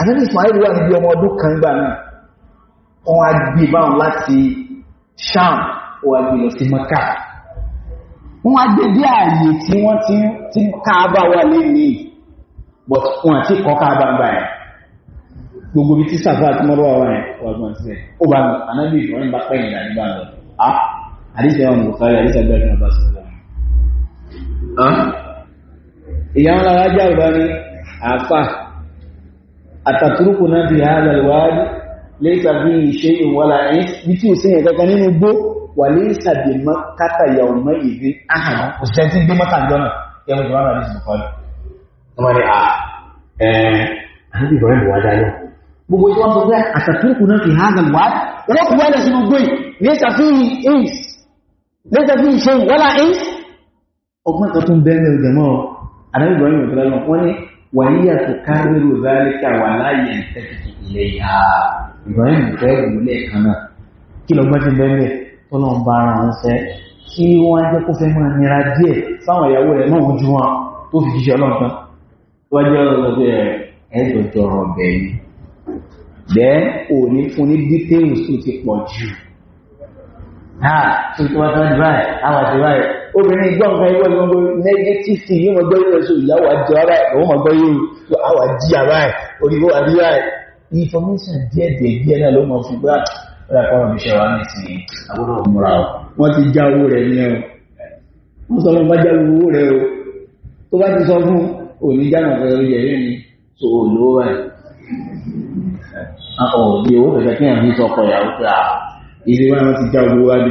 àtẹ́bí Ismail wà níbi ọmọ ọdún kan gbà náà wọ́n á gbé báwọn láti Sham ó wá gbé lọ sí Maka wọ́n á gbé dé ààyè tí wọ́n ti ń káàbà wà lẹ́yìn but wọ́n àti kọ́ káàbà gbà ẹ̀ gbogbo ibi tí sàfà àti mọ́rọ́ wà ẹ̀ wà gbọ́n sí ẹ̀ ó bá mi ànábì ìrọ̀lẹ́ bá pẹ́yìn dà nígbà lọ àdìsẹ́ ọ̀nà Bukhari àdìsẹ́ gbẹ̀rẹ̀ náà bá sọ̀rọ̀ ìyá ńlá rájà ìbá ní àáfà àtàtúrùkùnà bí ààlẹ̀wàájú lẹ́sà bí iṣẹ́ ìwọ́lá ẹ́ bí tí ó sí ẹ̀ kankan nínú gbó wà lẹ́sà bí mọ́kátà yàwùmọ́ ìgbé ahàn òṣèṣẹ́ gbé mọ́kà jọ́nà ẹwọ́n ìwọ́n rà lẹ́sìn bukọ́lù ọmọ ni ààrùn ìbọ̀rẹ̀ bùwá dáyọ̀ gbogbo ìwọ́n sọ pé àtàtúrùkùnà bí ààlẹ̀wàájú rọ́kùnwẹ́lẹ̀ sínú gbé lẹ́sà bí iṣẹ́ ìwọ́lá ẹ́ ọgbọ́n kan tún bẹ́ẹ̀ وهي تكرر ذلك ولا يلتفت إليها إبراهيم fẹ́ ìmúlẹ̀ kan náà kí lọ gbọ́n ti bẹ́ẹ̀ tọ́lọ̀ ń bá ara wọn sẹ́ kí wọ́n jẹ́ kó fẹ́ máa nira díẹ̀ sáwọn ìyàwó rẹ̀ náà ojú wọn tó fi jíṣẹ́ ọlọ́ọ̀kan wọ́n jẹ́ ọlọ́ọ̀dọ́ ẹ̀ẹ́dọ̀ jọrọ̀ bẹ̀yìn bẹ́ ò ní fún ní details tó ti pọ̀ jù náà tó ti wá tán báyìí àwọn àti báyìí obìnrin gbọ́ nǹkan ìwọ́ ìwọ́n gbọ́ nẹ́gẹ́tífì yíò mọ̀ gbọ́ ìrẹsù ìyàwó àjọ ara ẹ̀ òun mọ̀ gbọ́ yóò àwà jí ara ẹ̀ orígbó àríwá ẹ̀ information díẹ̀ díẹ̀ náà ló mọ̀ fún gbá rápọ̀rọ̀ bí ṣe wà ní sí àbúrò múra ọ̀ wọ́n ti já owó rẹ̀ ní ẹ̀ wọ́n sọ fún bá já owó rẹ̀ o tó bá ti sọ fún òní ni so olówó ẹ̀ ọ̀ bí owó kẹ̀kẹ́ ah, kí ẹ̀ fi sọ ọkọ̀ ìyàwó pé à ah, ilé wa wọn ti já owó wa bí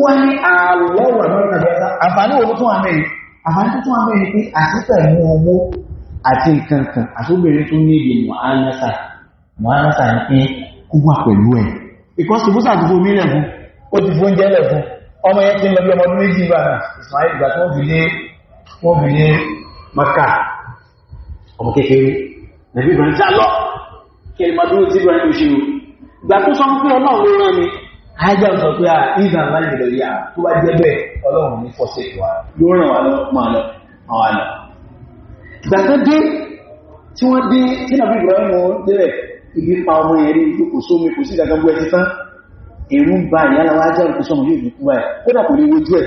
wọ́n ní àlọ́ wà lọ́rọ̀ ẹ̀ta àǹfààní owó tún àmì àǹfààní tó tún àmì pé àtìtẹ̀ mú owó àti nǹkankan àtòbìnrin tó ní èdè mọ̀ánásà mọ̀ánásà ní pé kó wà pẹ̀lú ẹ̀ ìkọ́sì bó sàtúfò mílẹ̀ fún ó ti fún jẹ́lẹ̀ fún ọmọ yẹn ti lọ bí ọmọ méjì bá Ismail ìgbà tó fi lé wọ́n fi lé maka ọmọ kékeré nàbí ìbọn tí a kí ẹni máa dúró sí ìbọn ẹni òṣèlú ìgbà tó sọ ájá sọ pé à ah, ìgbà máa ń lè yà tó bá jẹ́ bẹ́ẹ̀ ọlọ́run ní fọ́sẹ̀ wa yóò ràn wá lọ máa lọ àwọn àlọ́. ìgbà tó dé tí wọ́n dé tí nàbí Ibrahim débẹ̀ ibi pa ọmọ yẹn rí kò sómi kò sí ìdàgbàgbọ́ ẹ ti tán èrú ń ba ìyára wa ájá òkú sọmọ yóò dùn kú báyìí kódà kò lè wojú ẹ̀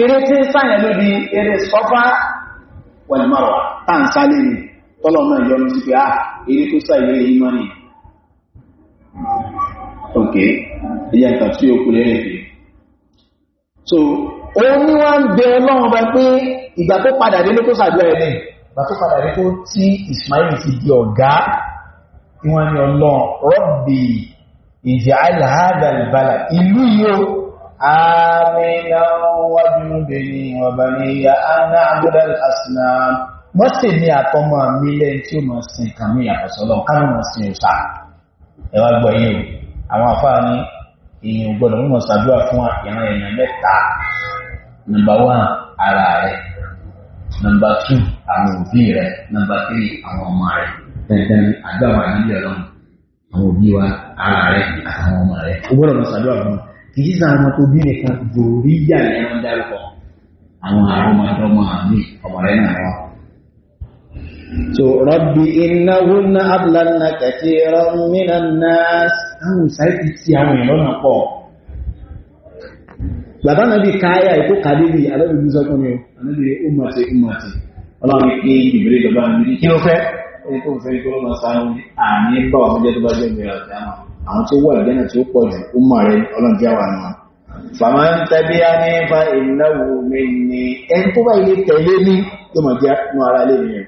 eré tí ń sáyẹn lóbi eré sọfá wàlúmọ̀rọ̀ tá à ń sálé ni tọ́lọ̀ náà yọ ní ti pé à ah, eré tó sá ìwé yìí mọ́ ìyá nǹkan tí ó kú lẹ́rẹ̀ pé so ó ní wá ń bẹ ọlọ́run bá pé ìgbà tó padà dé ló kó sàdúrà ẹ̀ lẹ́yìn ìgbà tó padà dé tó tí Ismail ti di ọ̀gá tí wọ́n ní ọlọ́run rọ́bì ìjẹ́ aláàdà ìbálà ìlú yóò àmìnà wájú bèèrè ọba ní ìyá aná àbúdá àsìnà wọ́n sì ní àtọ́mọ̀ mílẹ̀ tí ó máa sin kàmí àpọ̀sọ́lọ́ kánú máa sin ìṣà ẹ̀wà gbọ́ yìí àwọn àfáà ní èèyàn gbọ́dọ̀ mímọ̀ ṣàdúrà fún ìran èèyàn mẹ́ta nọmba wán ara rẹ nọmba tù àwọn òbí rẹ nọmba tírì àwọn ọmọ rẹ tẹ̀tẹ̀n àdúrà wà nílé ọlọ́run àwọn òbí wa ara rẹ àtàwọn ọmọ rẹ ó gbọ́dọ̀ mọ̀ ṣàdúrà fún wọn kì í sàn àwọn tó bí nìkan dòrí yà ní dárúkọ àwọn àrùn máa dán mọ́ àmì ọmọ rẹ náà wọn. So, Rabbi innahunna adlanna kathiran minan nas àwọn ìsáìtì ti àwọn èèyàn lọ́nà pọ̀ bàbá náà bí káyà ètò kàdébì alẹ́bìnrin ní sọ́kún ni alẹ́bìnrin ó mọ̀ sí ìmọ̀ sí ọlọ́run pé ìbèrè bàbá mi kí ló fẹ́ ẹni tó ń fẹ́ kí ọlọ́run sáré àní bá ọmọ jẹ́ tó bá jẹ́ ìbẹ̀rẹ̀ àti àmọ́ àwọn tí ó wà lẹ́nà tí ó pọ̀ jù ó mọ̀ rẹ tẹ́bí á ní fa ìnáwó mi ni ẹni tó bá ilé tẹ̀lé ní tó mọ̀ jẹ́ nù ara lè nìyẹn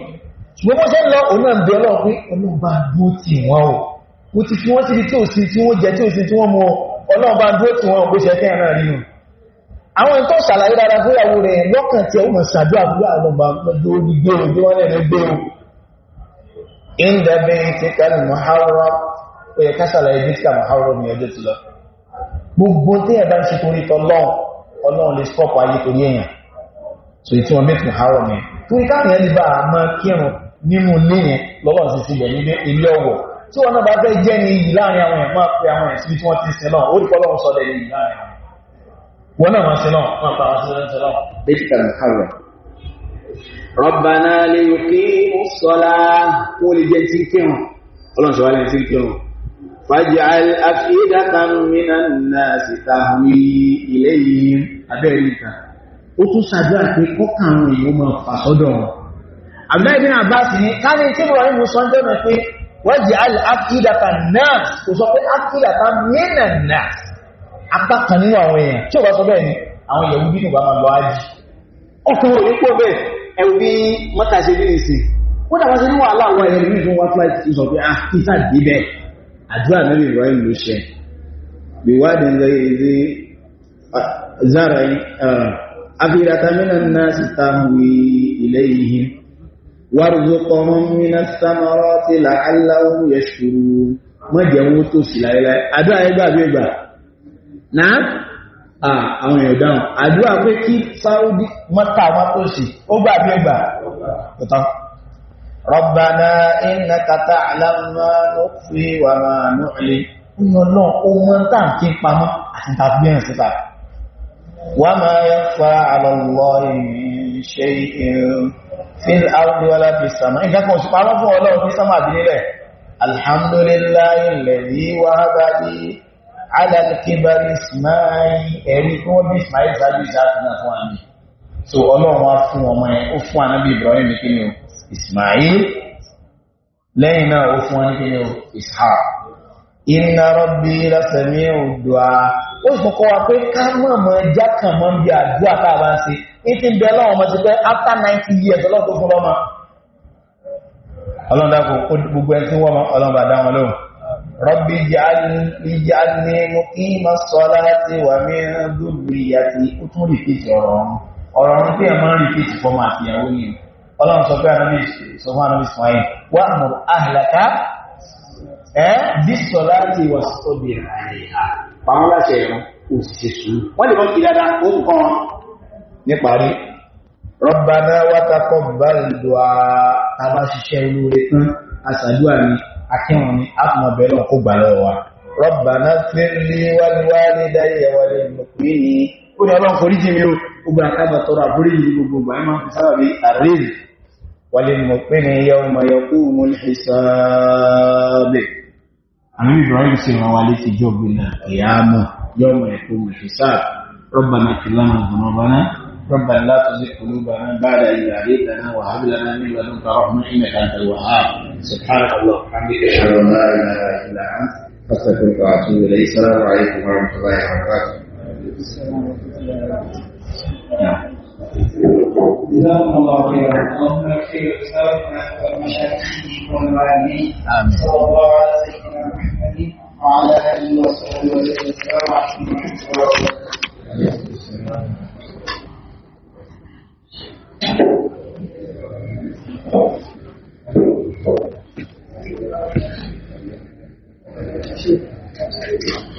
gbogbo ṣe lọ òun náà bí ọlọ́run pé ọlọ́run bá dúó tì wọ́n o mo ti fi wọ́n síbi tí ò sí tí wọ́n jẹ tí ò sí tí wọ́n mọ ọlọ́run bá dúó tì wọ́n o bó ṣe kẹ́ ẹ̀rọ nínú àwọn nǹkan ṣàlàyé dára fúyàwó rẹ̀ lọ́kàn tí ọmọ ṣàdúrà fúyà ah, ọlọ́ba lọ́dọ́ orí gbé o bí wọ́n lẹ́nu gbé o ìndẹ̀bẹ̀ ti ẹni bá a máa kírun nínú ilé yẹn lọ́wọ́ sí sílẹ̀ nílé ilé ọwọ̀ tí wọ́n náà bá fẹ́ jẹ́ ní iyì láàrin àwọn ẹ̀mọ́ pé àwọn ẹ̀sìn tí wọ́n ti sin náà ó rí pọ́lọ́wọ́ sọ́dẹ̀ ní iyì láàrin àwọn wọn náà máa sin náà máa bá wọn sí lọ́wọ́ sọ́dọ̀ dẹ́kítà kàwẹ̀ rọ́bàná lè kí ó sọ́lá kó lè jẹ́ tí kírun ọlọ́run sọ wá lẹ́yìn tí kírun fàjàl àfihàn mìíràn náà sì tàwí ilé yìí abẹ́rẹ́ nìkan ó tún ṣàdúrà pé kọ́kàrún èèyàn máa fà sọ́dọ̀ wọn Abdullahi bin Abbas ni káàrí tí wọ́n rí mú sọ jẹ́ mọ̀ pé wọ́n jẹ́ al'afídàta náà kò sọ pé afídàta mẹ́nà náà apákan nínú àwọn èèyàn tí ó bá sọ bẹ́ẹ̀ ni àwọn yẹ̀wú bí nìgbà máa lọ ájì ọkùnrin onípò bẹ́ẹ̀ ẹ̀wù bí mọ́ta ṣe bí nìsí ó dàbá sí níwọ̀ aláwọ̀ ẹ̀rọ ní ìfún wáfíà ti sọ pé ah kíta dé bẹ́ẹ̀ àdúrà mẹ́rin ìrọ̀ ìlú ṣẹ bíwádìí ń lọ ilé zara eh, afídàta mẹ́nà náà sì táwọn ilé yìí warzuqhum min as-samarati la'allahum yashkurun má jẹ́ wọ́n tó sí láíláí àdúrà ẹgbà bí ẹgbà náà àwọn èèyàn dáhùn àdúrà pé kí sáúdí mọ́ta wọ́n tó sí ó gbà bí ẹgbà ọ̀tá rabbana innaka ta'lamu ma nukhfi wa ma nu'li ìyàn náà ohun tàn kí n pamọ́ àti tàbí ẹ̀rìn síta wa ma yakhfa 'ala Allahi min shay'in fil ardi wala fis sama ìkẹ́kọ̀ọ́ sí parọ́ fún ọlọ́run ní sánmà bí nílẹ̀ alhamdulillahi alladhi wahaba li ala al-kibari ismail ẹ̀rí kí wọ́n bí ismail sáájú ìsáàtúnà fún àmì so ọlọ́run wá fún ọmọ ẹ̀ ó fún ànábì ibrahim kí ni ismail lẹ́yìn náà ó fún wọn kí ni ishaq inna rabbi lasami'u du'a ó sọ kọ́ wa pé ká mọ̀ mọ́ jákàn mọ́ bí àdúrà tá a bá ń ṣe ìtì ń bẹ lọ́wọ́ ọmọ ti pẹ́ after 90 years ọlọ́run tó fún lọ́mọ ọlọ́run dákò gbogbo ẹni tí wọ́n mọ́ ọlọ́run bá dáwọn lóhùn rọ́bí ìjàlẹ̀ mú kí mọ́ sọ́lá láti wà mí dúbìrì àti ó tún rìpíìtì ọ̀rọ̀ ọ̀run ọ̀rọ̀ ọ̀run tí ẹ̀ máa ń rìpíìtì fọ́ máa fi ẹ̀wọ́ ni ọlọ́run sọ pé ànábì sọ fún ànábì sọ níparí rọ́bàdá wátakọ̀ báyìí dùá abáṣiṣẹ́ olóore tán àṣàdúrà ni akẹ́wọ̀n ni àtúmọ̀bẹ̀ náà kó gbà lọ́wọ́ wa rọ́bàdá fẹ́lẹ́ wáléwálé dáyé wálé mọ̀kùnrin ni ó ní ọlọ́run foríjì mi ó gbogbo àtàbà tọrọ àforíjì gbogbo gbà ẹ̀ máa fi sábà bí àrèlè hisab àmì ìbúraìm sì ربنا لا تزغ قلوبنا بعد إذ هديتنا وهب لنا من لدنك رحمة إنك أنت الوهاب سبحانك اللهم وبحمدك أشهد أن لا إله إلا أنت أستغفرك وأتوب إليك السلام عليكم ورحمة الله وبركاته. جزاكم الله خيرا اللهم صلى الله على سيدنا محمد وعلى اله وصحبه وسلم ورحمه الله وبركاته Thank you.